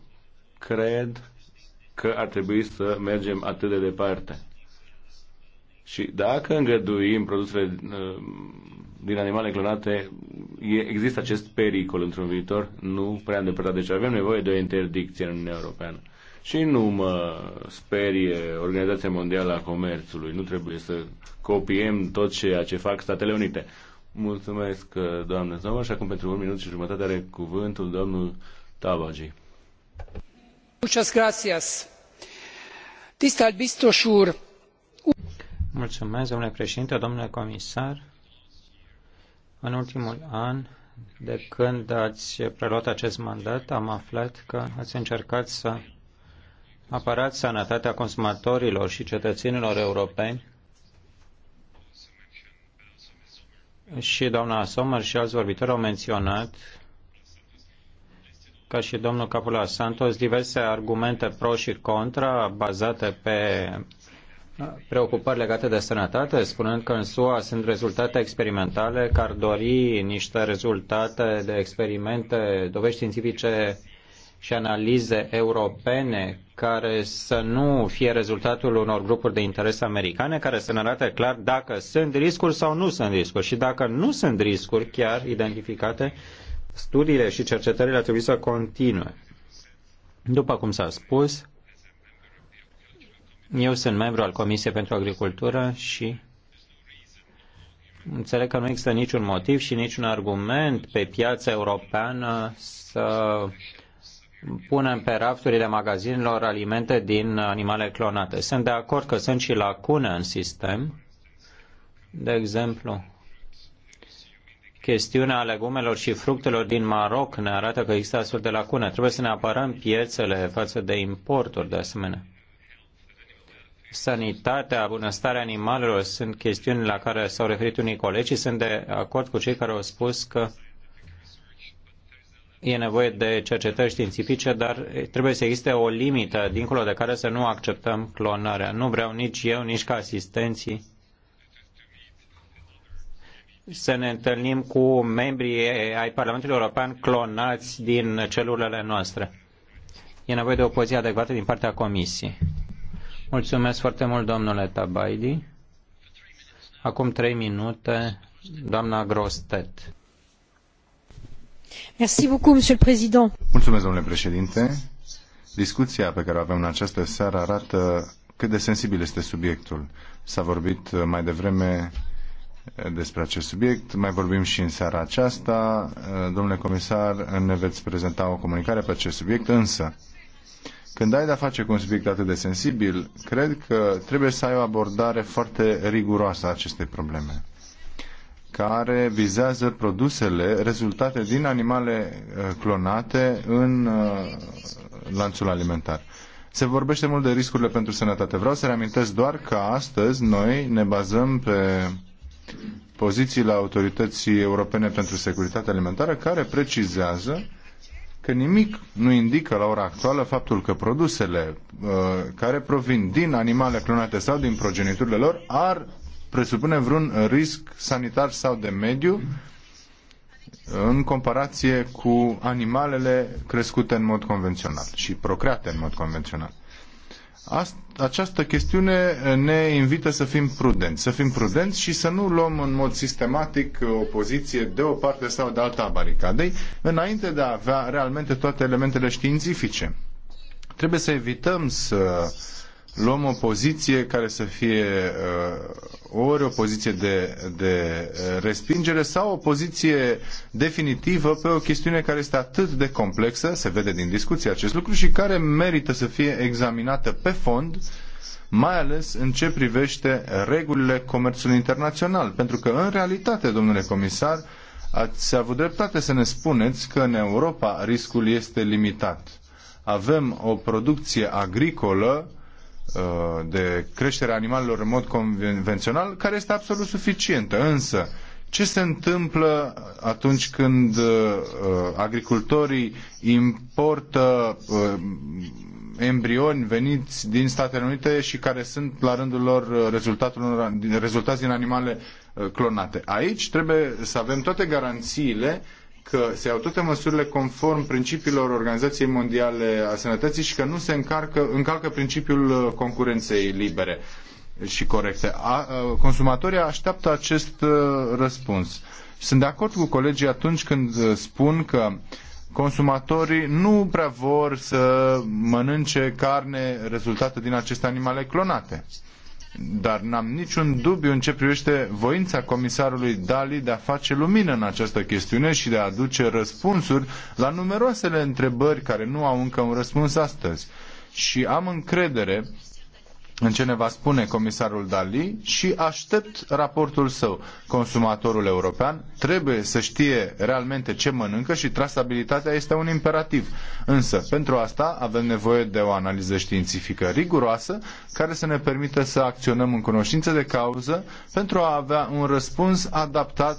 cred că ar trebui să mergem atât de departe. Și dacă îngăduim produsele uh, din animale clonate, există acest pericol într-un viitor nu prea îndepărtat. Deci avem nevoie de o interdicție în Uniunea Europeană. Și nu mă sperie Organizația Mondială a Comerțului. Nu trebuie să copiem tot ceea ce fac Statele Unite. Mulțumesc, uh, doamnă Zomă, și acum pentru un minut și jumătate are cuvântul domnul Tabagi. Muchas gracias. Tisztelt Mulțumesc, domnule președinte, domnule comisar. În ultimul an, de când ați preluat acest mandat, am aflat că ați încercat să Aparat sănătatea consumatorilor și cetățenilor europeni și doamna Sommer și alți vorbitori au menționat ca și domnul Capula Santos, diverse argumente pro și contra bazate pe preocupări legate de sănătate, spunând că în SUA sunt rezultate experimentale, că ar dori niște rezultate de experimente, dovești științifice și analize europene care să nu fie rezultatul unor grupuri de interes americane care să ne arate clar dacă sunt riscuri sau nu sunt riscuri și dacă nu sunt riscuri chiar identificate, studiile și cercetările ar trebui să continue. După cum s-a spus, eu sunt membru al Comisiei pentru Agricultură și înțeleg că nu există niciun motiv și niciun argument pe piața europeană să punem pe rafturile magazinelor alimente din animale clonate. Sunt de acord că sunt și lacune în sistem. De exemplu, chestiunea legumelor și fructelor din Maroc ne arată că există astfel de lacune. Trebuie să ne apărăm piețele față de importuri de asemenea. Sanitatea, bunăstarea animalelor sunt chestiuni la care s-au referit unii colegi și sunt de acord cu cei care au spus că e nevoie de cercetări științifice, dar trebuie să existe o limită dincolo de care să nu acceptăm clonarea. Nu vreau nici eu, nici ca asistenții să ne întâlnim cu membrii ai Parlamentului European clonați din celulele noastre. E nevoie de o poziție adecvată din partea Comisiei. Mulțumesc foarte mult, domnule Tabaidi. Acum trei minute, doamna Grostet. Mulțumesc, domnule președinte. Discuția pe care o avem în această seară arată cât de sensibil este subiectul. S-a vorbit mai devreme despre acest subiect. Mai vorbim și în seara aceasta. Domnule comisar, ne veți prezenta o comunicare pe acest subiect, însă când ai de-a face cu un subiect atât de sensibil, cred că trebuie să ai o abordare foarte riguroasă a acestei probleme care vizează produsele rezultate din animale uh, clonate în uh, lanțul alimentar. Se vorbește mult de riscurile pentru sănătate. Vreau să reamintesc doar că astăzi noi ne bazăm pe pozițiile autorității europene pentru securitate alimentară care precizează că nimic nu indică la ora actuală faptul că produsele uh, care provin din animale clonate sau din progeniturile lor ar presupune vreun risc sanitar sau de mediu în comparație cu animalele crescute în mod convențional și procreate în mod convențional. Această chestiune ne invită să fim prudenți, să fim prudenți și să nu luăm în mod sistematic o poziție de o parte sau de alta a baricadei, înainte de a avea realmente toate elementele științifice. Trebuie să evităm să luăm o poziție care să fie uh, ori o poziție de, de uh, respingere sau o poziție definitivă pe o chestiune care este atât de complexă, se vede din discuție acest lucru și care merită să fie examinată pe fond mai ales în ce privește regulile comerțului internațional. Pentru că, în realitate, domnule comisar, ați avut dreptate să ne spuneți că în Europa riscul este limitat. Avem o producție agricolă Uh, de creștere a animalelor în mod convențional, care este absolut suficientă. Însă, ce se întâmplă atunci când uh, uh, agricultorii importă embrioni veniți din Statele Unite și care sunt la rândul lor rezultatul, rezultați din animale clonate. Aici trebuie să avem toate garanțiile că se iau toate măsurile conform principiilor Organizației Mondiale a Sănătății și că nu se încarcă, încalcă principiul uh, concurenței libere și corecte. A, uh, consumatorii așteaptă acest uh, răspuns. Sunt de acord cu colegii atunci când spun că consumatorii nu prea vor să mănânce carne rezultată din aceste animale clonate dar n-am niciun dubiu în ce privește voința comisarului Dali de a face lumină în această chestiune și de a aduce răspunsuri la numeroasele întrebări care nu au încă un răspuns astăzi. Și am încredere în ce ne va spune comisarul Dali și aștept raportul său. Consumatorul european trebuie să știe realmente ce mănâncă și trasabilitatea este un imperativ. Însă, pentru asta avem nevoie de o analiză științifică riguroasă care să ne permită să acționăm în cunoștință de cauză pentru a avea un răspuns adaptat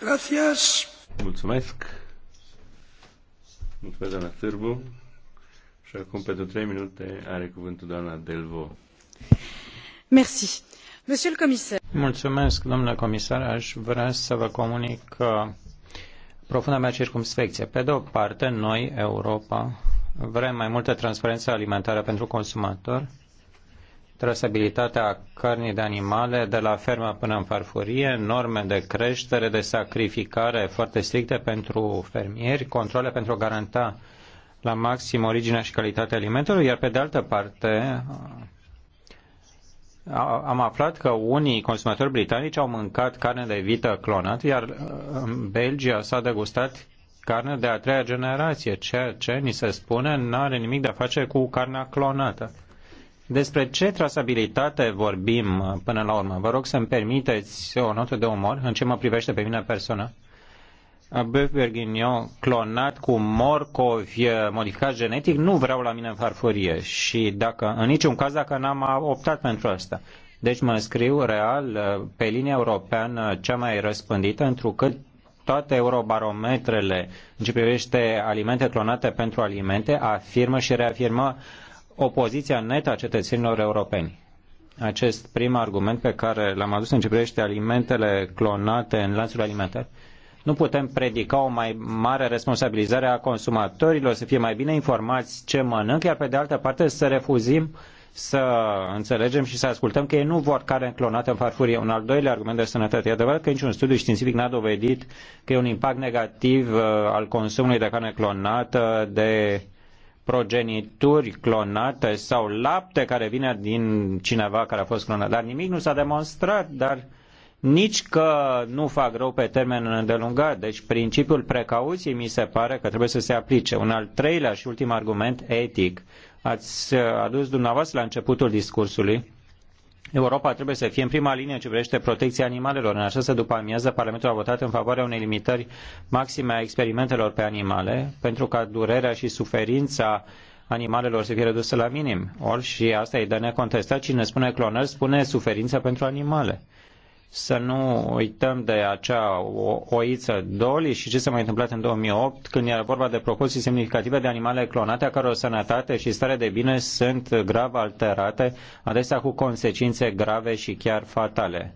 Gracias. Mulțumesc. Mulțumesc, doamna Târbu. Și acum, pentru trei minute, are cuvântul doamna Delvo. Merci. Monsieur le comisar. Mulțumesc, domnule comisar. Aș vrea să vă comunic profunda mea circumspecție. Pe de o parte, noi, Europa, vrem mai multă transparență alimentară pentru consumator trasabilitatea cărnii de animale de la fermă până în farfurie, norme de creștere, de sacrificare foarte stricte pentru fermieri, controle pentru a garanta la maxim originea și calitatea alimentelor, iar pe de altă parte am aflat că unii consumatori britanici au mâncat carne de vită clonată, iar uh, în Belgia s-a degustat carne de a treia generație, ceea ce, ni se spune, nu are nimic de a face cu carnea clonată. Despre ce trasabilitate vorbim uh, până la urmă? Vă rog să-mi permiteți o notă de umor în ce mă privește pe mine persoană. Băf Berghignon clonat cu morcovi uh, modificat genetic nu vreau la mine în farfurie și dacă, în niciun caz dacă n-am optat pentru asta. Deci mă scriu real uh, pe linia europeană cea mai răspândită, întrucât toate eurobarometrele în ce privește alimente clonate pentru alimente afirmă și reafirmă opoziția netă a cetățenilor europeni. Acest prim argument pe care l-am adus în ce privește alimentele clonate în lanțul alimentar, nu putem predica o mai mare responsabilizare a consumatorilor, să fie mai bine informați ce mănânc, iar pe de altă parte să refuzim să înțelegem și să ascultăm că ei nu vor care clonată în farfurie. Un al doilea argument de sănătate. E adevărat că niciun studiu științific n-a dovedit că e un impact negativ uh, al consumului de carne clonată, de progenituri clonate sau lapte care vine din cineva care a fost clonat. Dar nimic nu s-a demonstrat, dar nici că nu fac rău pe termen îndelungat. Deci principiul precauției mi se pare că trebuie să se aplice. Un al treilea și ultim argument etic. Ați adus dumneavoastră la începutul discursului Europa trebuie să fie în prima linie în ce privește protecția animalelor. În această după amiază, Parlamentul a votat în favoarea unei limitări maxime a experimentelor pe animale, pentru ca durerea și suferința animalelor să fie redusă la minim. Ori și asta e de necontestat. Cine spune clonări, spune suferință pentru animale să nu uităm de acea oiță doli și ce s-a mai întâmplat în 2008 când era vorba de proporții semnificative de animale clonate a căror sănătate și stare de bine sunt grav alterate, adesea cu consecințe grave și chiar fatale.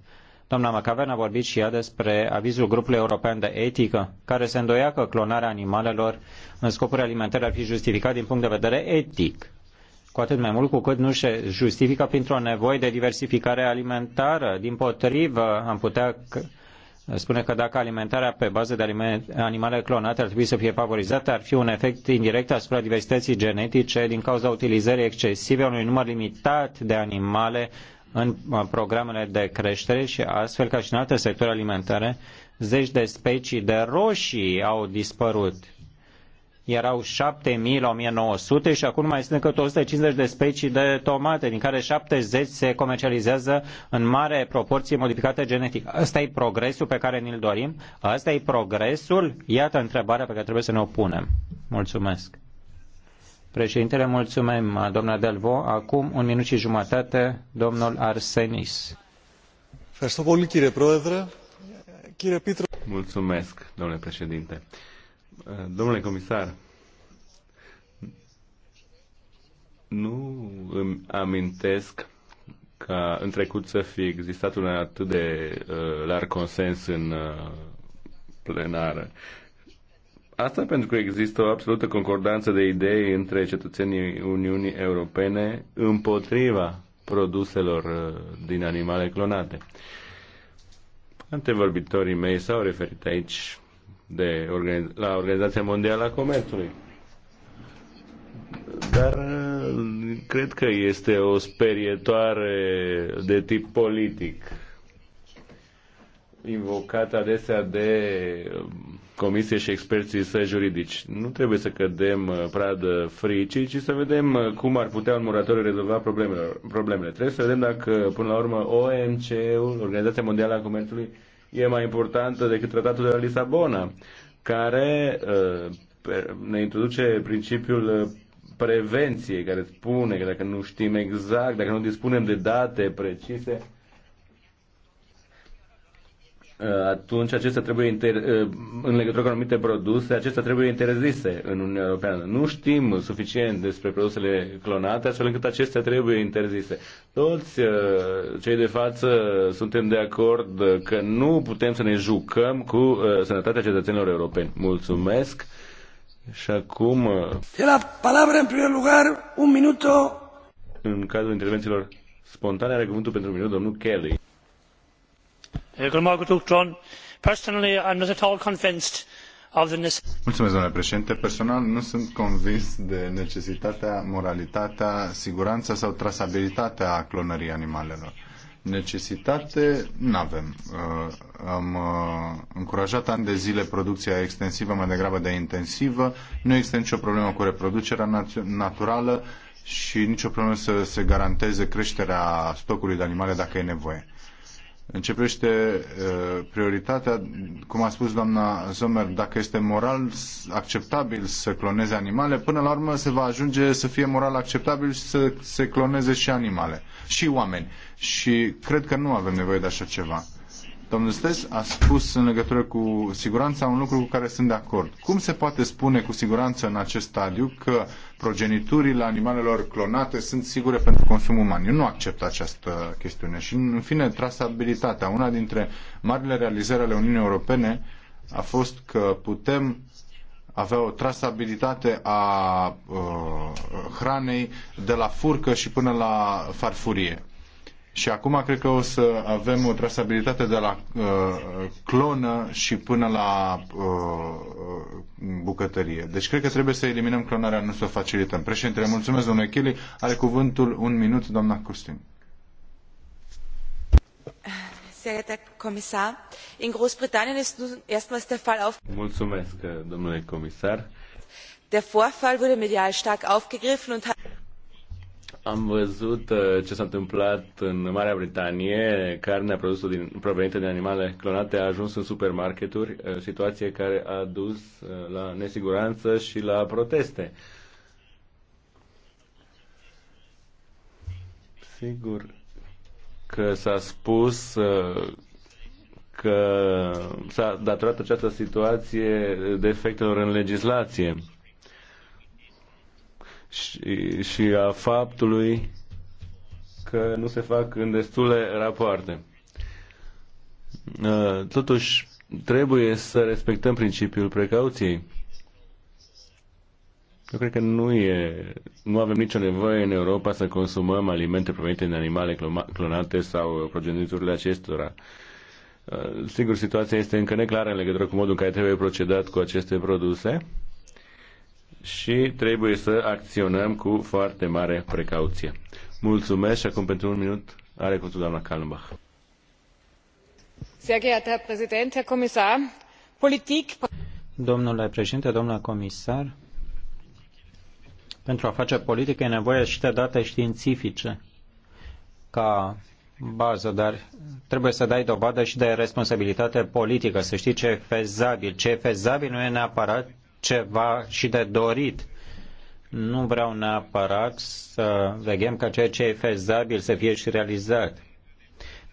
Doamna McAven a vorbit și ea despre avizul grupului european de etică, care se îndoia că clonarea animalelor în scopuri alimentare ar fi justificat din punct de vedere etic cu atât mai mult cu cât nu se justifică printr-o nevoie de diversificare alimentară. Din potrivă, am putea spune că dacă alimentarea pe bază de animale clonate ar trebui să fie favorizată, ar fi un efect indirect asupra diversității genetice din cauza utilizării excesive a unui număr limitat de animale în uh, programele de creștere și astfel ca și în alte sectoare alimentare, zeci de specii de roșii au dispărut erau 7000 la 1900 și acum mai sunt încă 150 de specii de tomate, din care 70 se comercializează în mare proporție modificată genetic. Asta e progresul pe care ni-l dorim? Asta e progresul? Iată întrebarea pe care trebuie să ne o punem. Mulțumesc. Președintele, mulțumim, doamna Delvo. Acum un minut și jumătate, domnul Arsenis. Mulțumesc, domnule președinte. Domnule comisar, nu îmi amintesc ca în trecut să fi existat un atât de uh, larg consens în uh, plenară. Asta pentru că există o absolută concordanță de idei între cetățenii Uniunii Europene împotriva produselor uh, din animale clonate. Antevorbitorii mei s-au referit aici de organiz- la Organizația Mondială a Comerțului. Dar uh, cred că este o sperietoare de tip politic invocată adesea de um, comisie și experții săi juridici. Nu trebuie să cădem uh, pradă fricii, ci să vedem uh, cum ar putea un moratoriu rezolva problemele. problemele. Trebuie să vedem dacă, până la urmă, OMC-ul, Organizația Mondială a Comerțului, e mai importantă decât tratatul de la Lisabona, care uh, ne introduce principiul uh, prevenției, care spune că dacă nu știm exact, dacă nu dispunem de date precise, Uh, atunci acestea trebuie inter- uh, în legătură cu anumite produse, acestea trebuie interzise în Uniunea Europeană. Nu știm suficient despre produsele clonate, astfel încât acestea trebuie interzise. Toți uh, cei de față suntem de acord că nu putem să ne jucăm cu sănătatea cetățenilor europeni. Mulțumesc. Și acum... De la palabra, în primul lugar, un minut. În cazul intervențiilor spontane, are cuvântul pentru un minut domnul Kelly. Eh, domnule președinte personal nu sunt convins de necesitatea moralitatea siguranța sau trasabilitatea clonării animalelor. Necesitate nu avem. Eh, am eh, încurajat ani de zile producția extensivă mai degrabă de intensivă. Nu există nicio problemă cu reproducerea naturală și nicio problemă să se garanteze creșterea stocului de animale dacă e nevoie Începește uh, prioritatea, cum a spus doamna Sommer, dacă este moral acceptabil să cloneze animale, până la urmă se va ajunge să fie moral acceptabil să se cloneze și animale, și oameni. Și cred că nu avem nevoie de așa ceva domnul Stes a spus în legătură cu siguranța un lucru cu care sunt de acord. Cum se poate spune cu siguranță în acest stadiu că progeniturile animalelor clonate sunt sigure pentru consum uman? Eu nu accept această chestiune. Și, în fine, trasabilitatea. Una dintre marile realizări ale Uniunii Europene a fost că putem avea o trasabilitate a uh, hranei de la furcă și până la farfurie și acum cred că o să avem o trasabilitate de la uh, clonă și până la uh, bucătărie. Deci cred că trebuie să eliminăm clonarea, nu să o facilităm. Președintele, mulțumesc, domnule Chili. Are cuvântul un minut, doamna Costin. Mulțumesc, domnule comisar. Der Vorfall wurde medial stark aufgegriffen und hat am văzut uh, ce s-a întâmplat în Marea Britanie. Carnea produsă din, provenită din animale clonate a ajuns în supermarketuri, uh, situație care a dus uh, la nesiguranță și la proteste. Sigur că s-a spus că s-a datorat această situație defectelor în legislație și, și a faptului că nu se fac în destule rapoarte. Uh, totuși, trebuie să respectăm principiul precauției. Eu cred că nu, e, nu avem nicio nevoie în Europa să consumăm alimente provenite din animale clonate sau progeniturile acestora. Uh, sigur, situația este încă neclară în legătură cu modul în care trebuie procedat cu aceste produse, și trebuie să acționăm cu foarte mare precauție. Mulțumesc și acum pentru un minut are cuvântul doamna Kallenbach. Sehr geehrter Herr Präsident, Herr Kommissar, Politik... Domnule președinte, domnule comisar, pentru a face politică e nevoie și de date științifice ca bază, dar trebuie să dai dovadă și de responsabilitate politică, să știi ce e fezabil. Ce e fezabil nu e neapărat ceva și de dorit. Nu vreau neapărat să vedem ca ceea ce e fezabil să fie și realizat.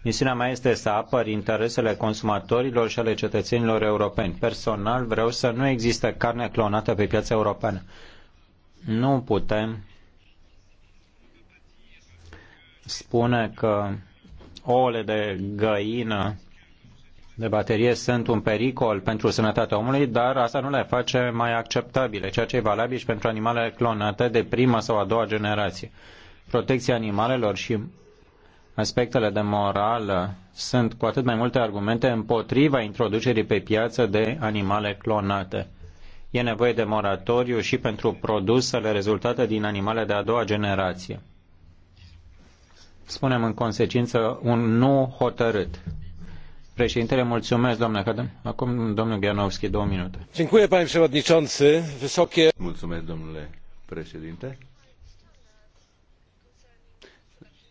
Misiunea mea este să apăr interesele consumatorilor și ale cetățenilor europeni. Personal vreau să nu existe carne clonată pe piața europeană. Nu putem spune că ouăle de găină de baterie sunt un pericol pentru sănătatea omului, dar asta nu le face mai acceptabile, ceea ce e valabil și pentru animalele clonate de prima sau a doua generație. Protecția animalelor și aspectele de morală sunt cu atât mai multe argumente împotriva introducerii pe piață de animale clonate. E nevoie de moratoriu și pentru produsele rezultate din animale de a doua generație. Spunem în consecință un nu hotărât. Președintele, mulțumesc, domnule Cadam. Acum, domnul Ghianovski, două minute. Dziękuję, panie przewodniczący. Wysokie... Mulțumesc, domnule președinte.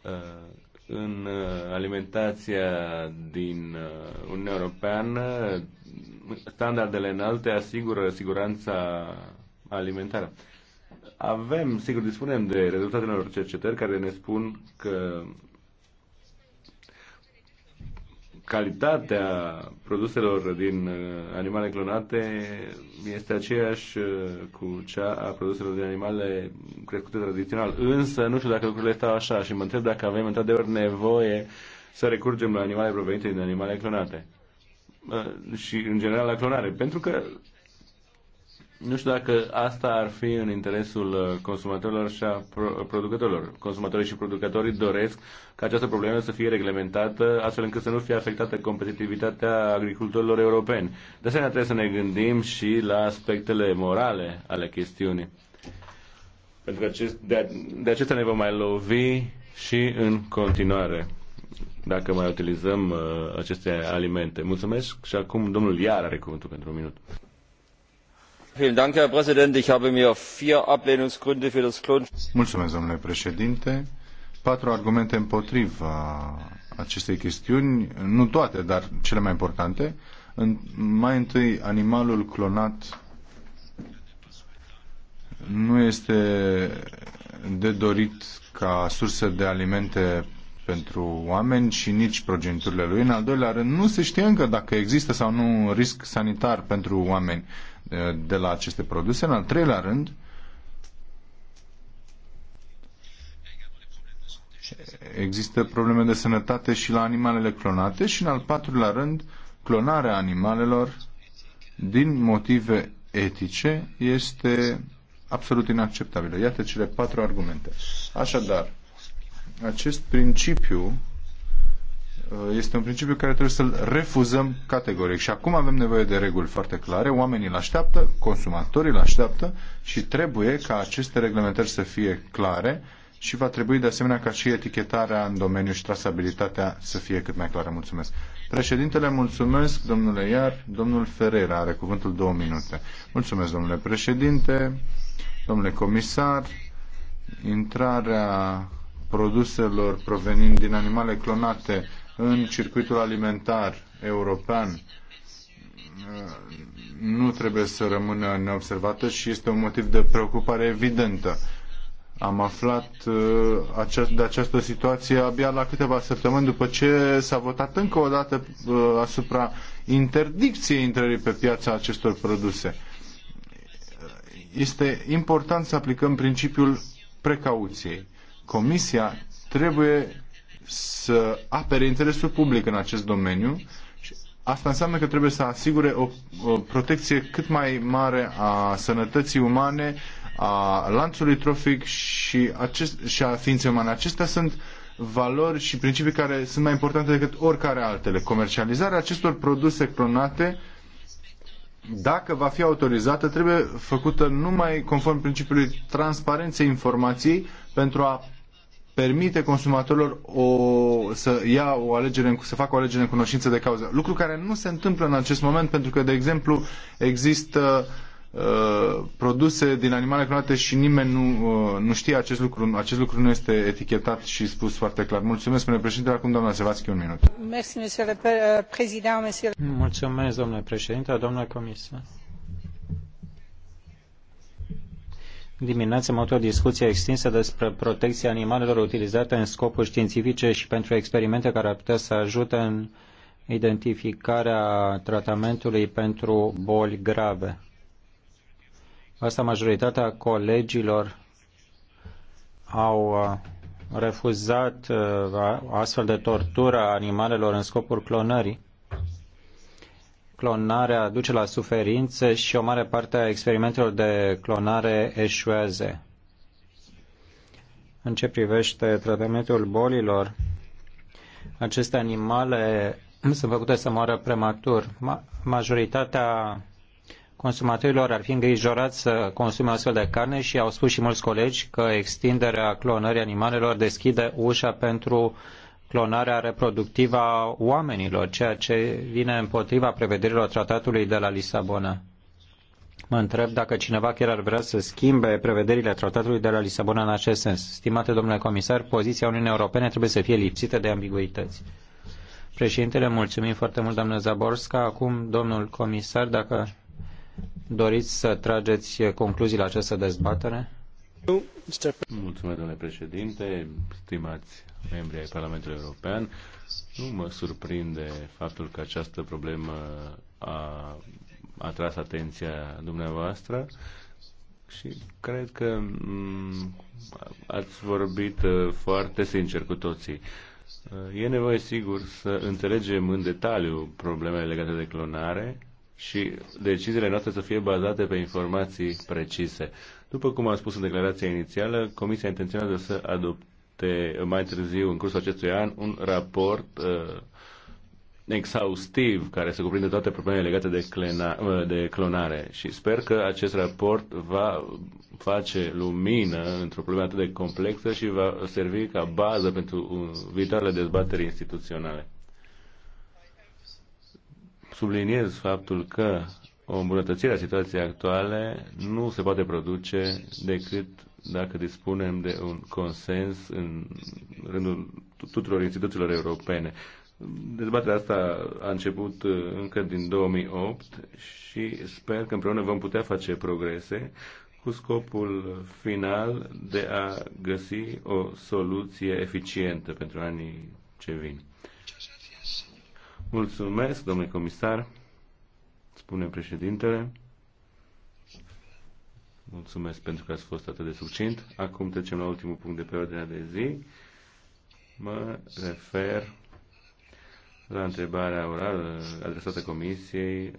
Uh, în uh, alimentația din uh, Uniunea Europeană, standardele înalte asigură siguranța alimentară. Avem, sigur, dispunem de rezultatele unor cercetări care ne spun că calitatea produselor din uh, animale clonate este aceeași uh, cu cea a produselor din animale crescute tradițional. Însă, nu știu dacă lucrurile stau așa și mă întreb dacă avem într-adevăr nevoie să recurgem la animale provenite din animale clonate uh, și în general la clonare, pentru că nu știu dacă asta ar fi în interesul uh, consumatorilor și a producătorilor. Consumatorii și producătorii doresc ca această problemă să fie reglementată astfel încât să nu fie afectată competitivitatea agricultorilor europeni. De asemenea, trebuie să ne gândim și la aspectele morale ale chestiunii. Pentru că acest, de, de acestea ne vom mai lovi și în continuare dacă mai utilizăm uh, aceste alimente. Mulțumesc și acum domnul Iar are cuvântul pentru un minut. Mulțumesc, domnule președinte. Patru argumente împotriva acestei chestiuni, nu toate, dar cele mai importante. mai întâi, animalul clonat nu este de dorit ca sursă de alimente pentru oameni și nici progeniturile lui. În al doilea rând, nu se știe încă dacă există sau nu un risc sanitar pentru oameni de la aceste produse. În al treilea rând, există probleme de sănătate și la animalele clonate și în al patrulea rând, clonarea animalelor din motive etice este absolut inacceptabilă. Iată cele patru argumente. Așadar, acest principiu Uh, este un principiu care trebuie să-l refuzăm categoric. Și acum avem nevoie de reguli foarte clare, oamenii îl așteaptă, consumatorii îl așteaptă și trebuie ca aceste reglementări să fie clare și va trebui de asemenea ca și etichetarea în domeniu și trasabilitatea să fie cât mai clară. Mulțumesc. Președintele, mulțumesc, domnule Iar, domnul Ferreira are cuvântul două minute. Mulțumesc, domnule președinte, domnule comisar, intrarea produselor provenind din animale clonate în circuitul alimentar european nu trebuie să rămână neobservată și este un motiv de preocupare evidentă. Am aflat uh, de această situație abia la câteva săptămâni după ce s-a votat încă o dată uh, asupra interdicției intrării pe piața acestor produse. Este important să aplicăm principiul precauției. Comisia trebuie să apere interesul public în acest domeniu și asta înseamnă că trebuie să asigure o, o protecție cât mai mare a sănătății umane, a lanțului trofic și, acest, și a ființei umane. Acestea sunt valori și principii care sunt mai importante decât oricare altele. Comercializarea acestor produse clonate dacă va fi autorizată, trebuie făcută numai conform principiului transparenței informației pentru a permite consumatorilor o, să, ia o alegere, să facă o alegere în cunoștință de cauză. Lucru care nu se întâmplă în acest moment pentru că, de exemplu, există uh, produse din animale clonate și nimeni nu, uh, nu știe acest lucru. Acest lucru nu este etichetat și spus foarte clar. Mulțumesc, domnule președinte. Acum, doamna Sevațchi, un minut. Mulțumesc, domnule președinte, domnule comisar. Dimineața am avut o discuție extinsă despre protecția animalelor utilizate în scopuri științifice și pentru experimente care ar putea să ajute în identificarea tratamentului pentru boli grave. Asta majoritatea colegilor au uh, refuzat uh, astfel de tortură a animalelor în scopul clonării clonarea duce la suferințe și o mare parte a experimentelor de clonare eșuează. În ce privește tratamentul bolilor, aceste animale sunt făcute să moară prematur. Ma- majoritatea consumatorilor ar fi îngrijorați să consume astfel de carne și au spus și mulți colegi că extinderea clonării animalelor deschide ușa pentru uh, clonarea reproductivă a oamenilor, ceea ce vine împotriva prevederilor tratatului de la Lisabona. Mă întreb dacă cineva chiar ar vrea să schimbe prevederile tratatului de la Lisabona în acest sens. Stimate domnule comisar, poziția Uniunii Europene trebuie să fie lipsită de ambiguități. Președintele, mulțumim foarte mult, doamnă Zaborska. Acum, domnul comisar, dacă doriți să trageți concluziile la această dezbatere domnule președinte, stimați membri ai Parlamentului European. Nu mă surprinde faptul că această problemă a atras atenția dumneavoastră și cred că mm, ați vorbit uh, foarte sincer cu toții. Uh, e nevoie, sigur, să înțelegem în detaliu problemele legate de clonare și deciziile noastre să fie bazate pe informații precise. După cum am spus în declarația inițială, Comisia intenționează să adopte mai târziu, în cursul acestui an, un raport uh, exhaustiv care să cuprinde toate problemele legate de, clena, uh, de clonare și sper că acest raport va face lumină într-o problemă atât de complexă și va servi ca bază pentru uh, viitoarele dezbateri instituționale. Subliniez faptul că o îmbunătățire a situației actuale nu se poate produce decât dacă dispunem de un consens în rândul tuturor instituțiilor europene. Dezbaterea asta a început uh, încă din 2008 și sper că împreună vom putea face progrese cu scopul final de a găsi o soluție eficientă pentru anii ce vin. Mulțumesc, domnule comisar spune președintele. Mulțumesc pentru că ați fost atât de succint. Acum trecem la ultimul punct de pe ordinea de zi. Mă refer la întrebarea orală adresată Comisiei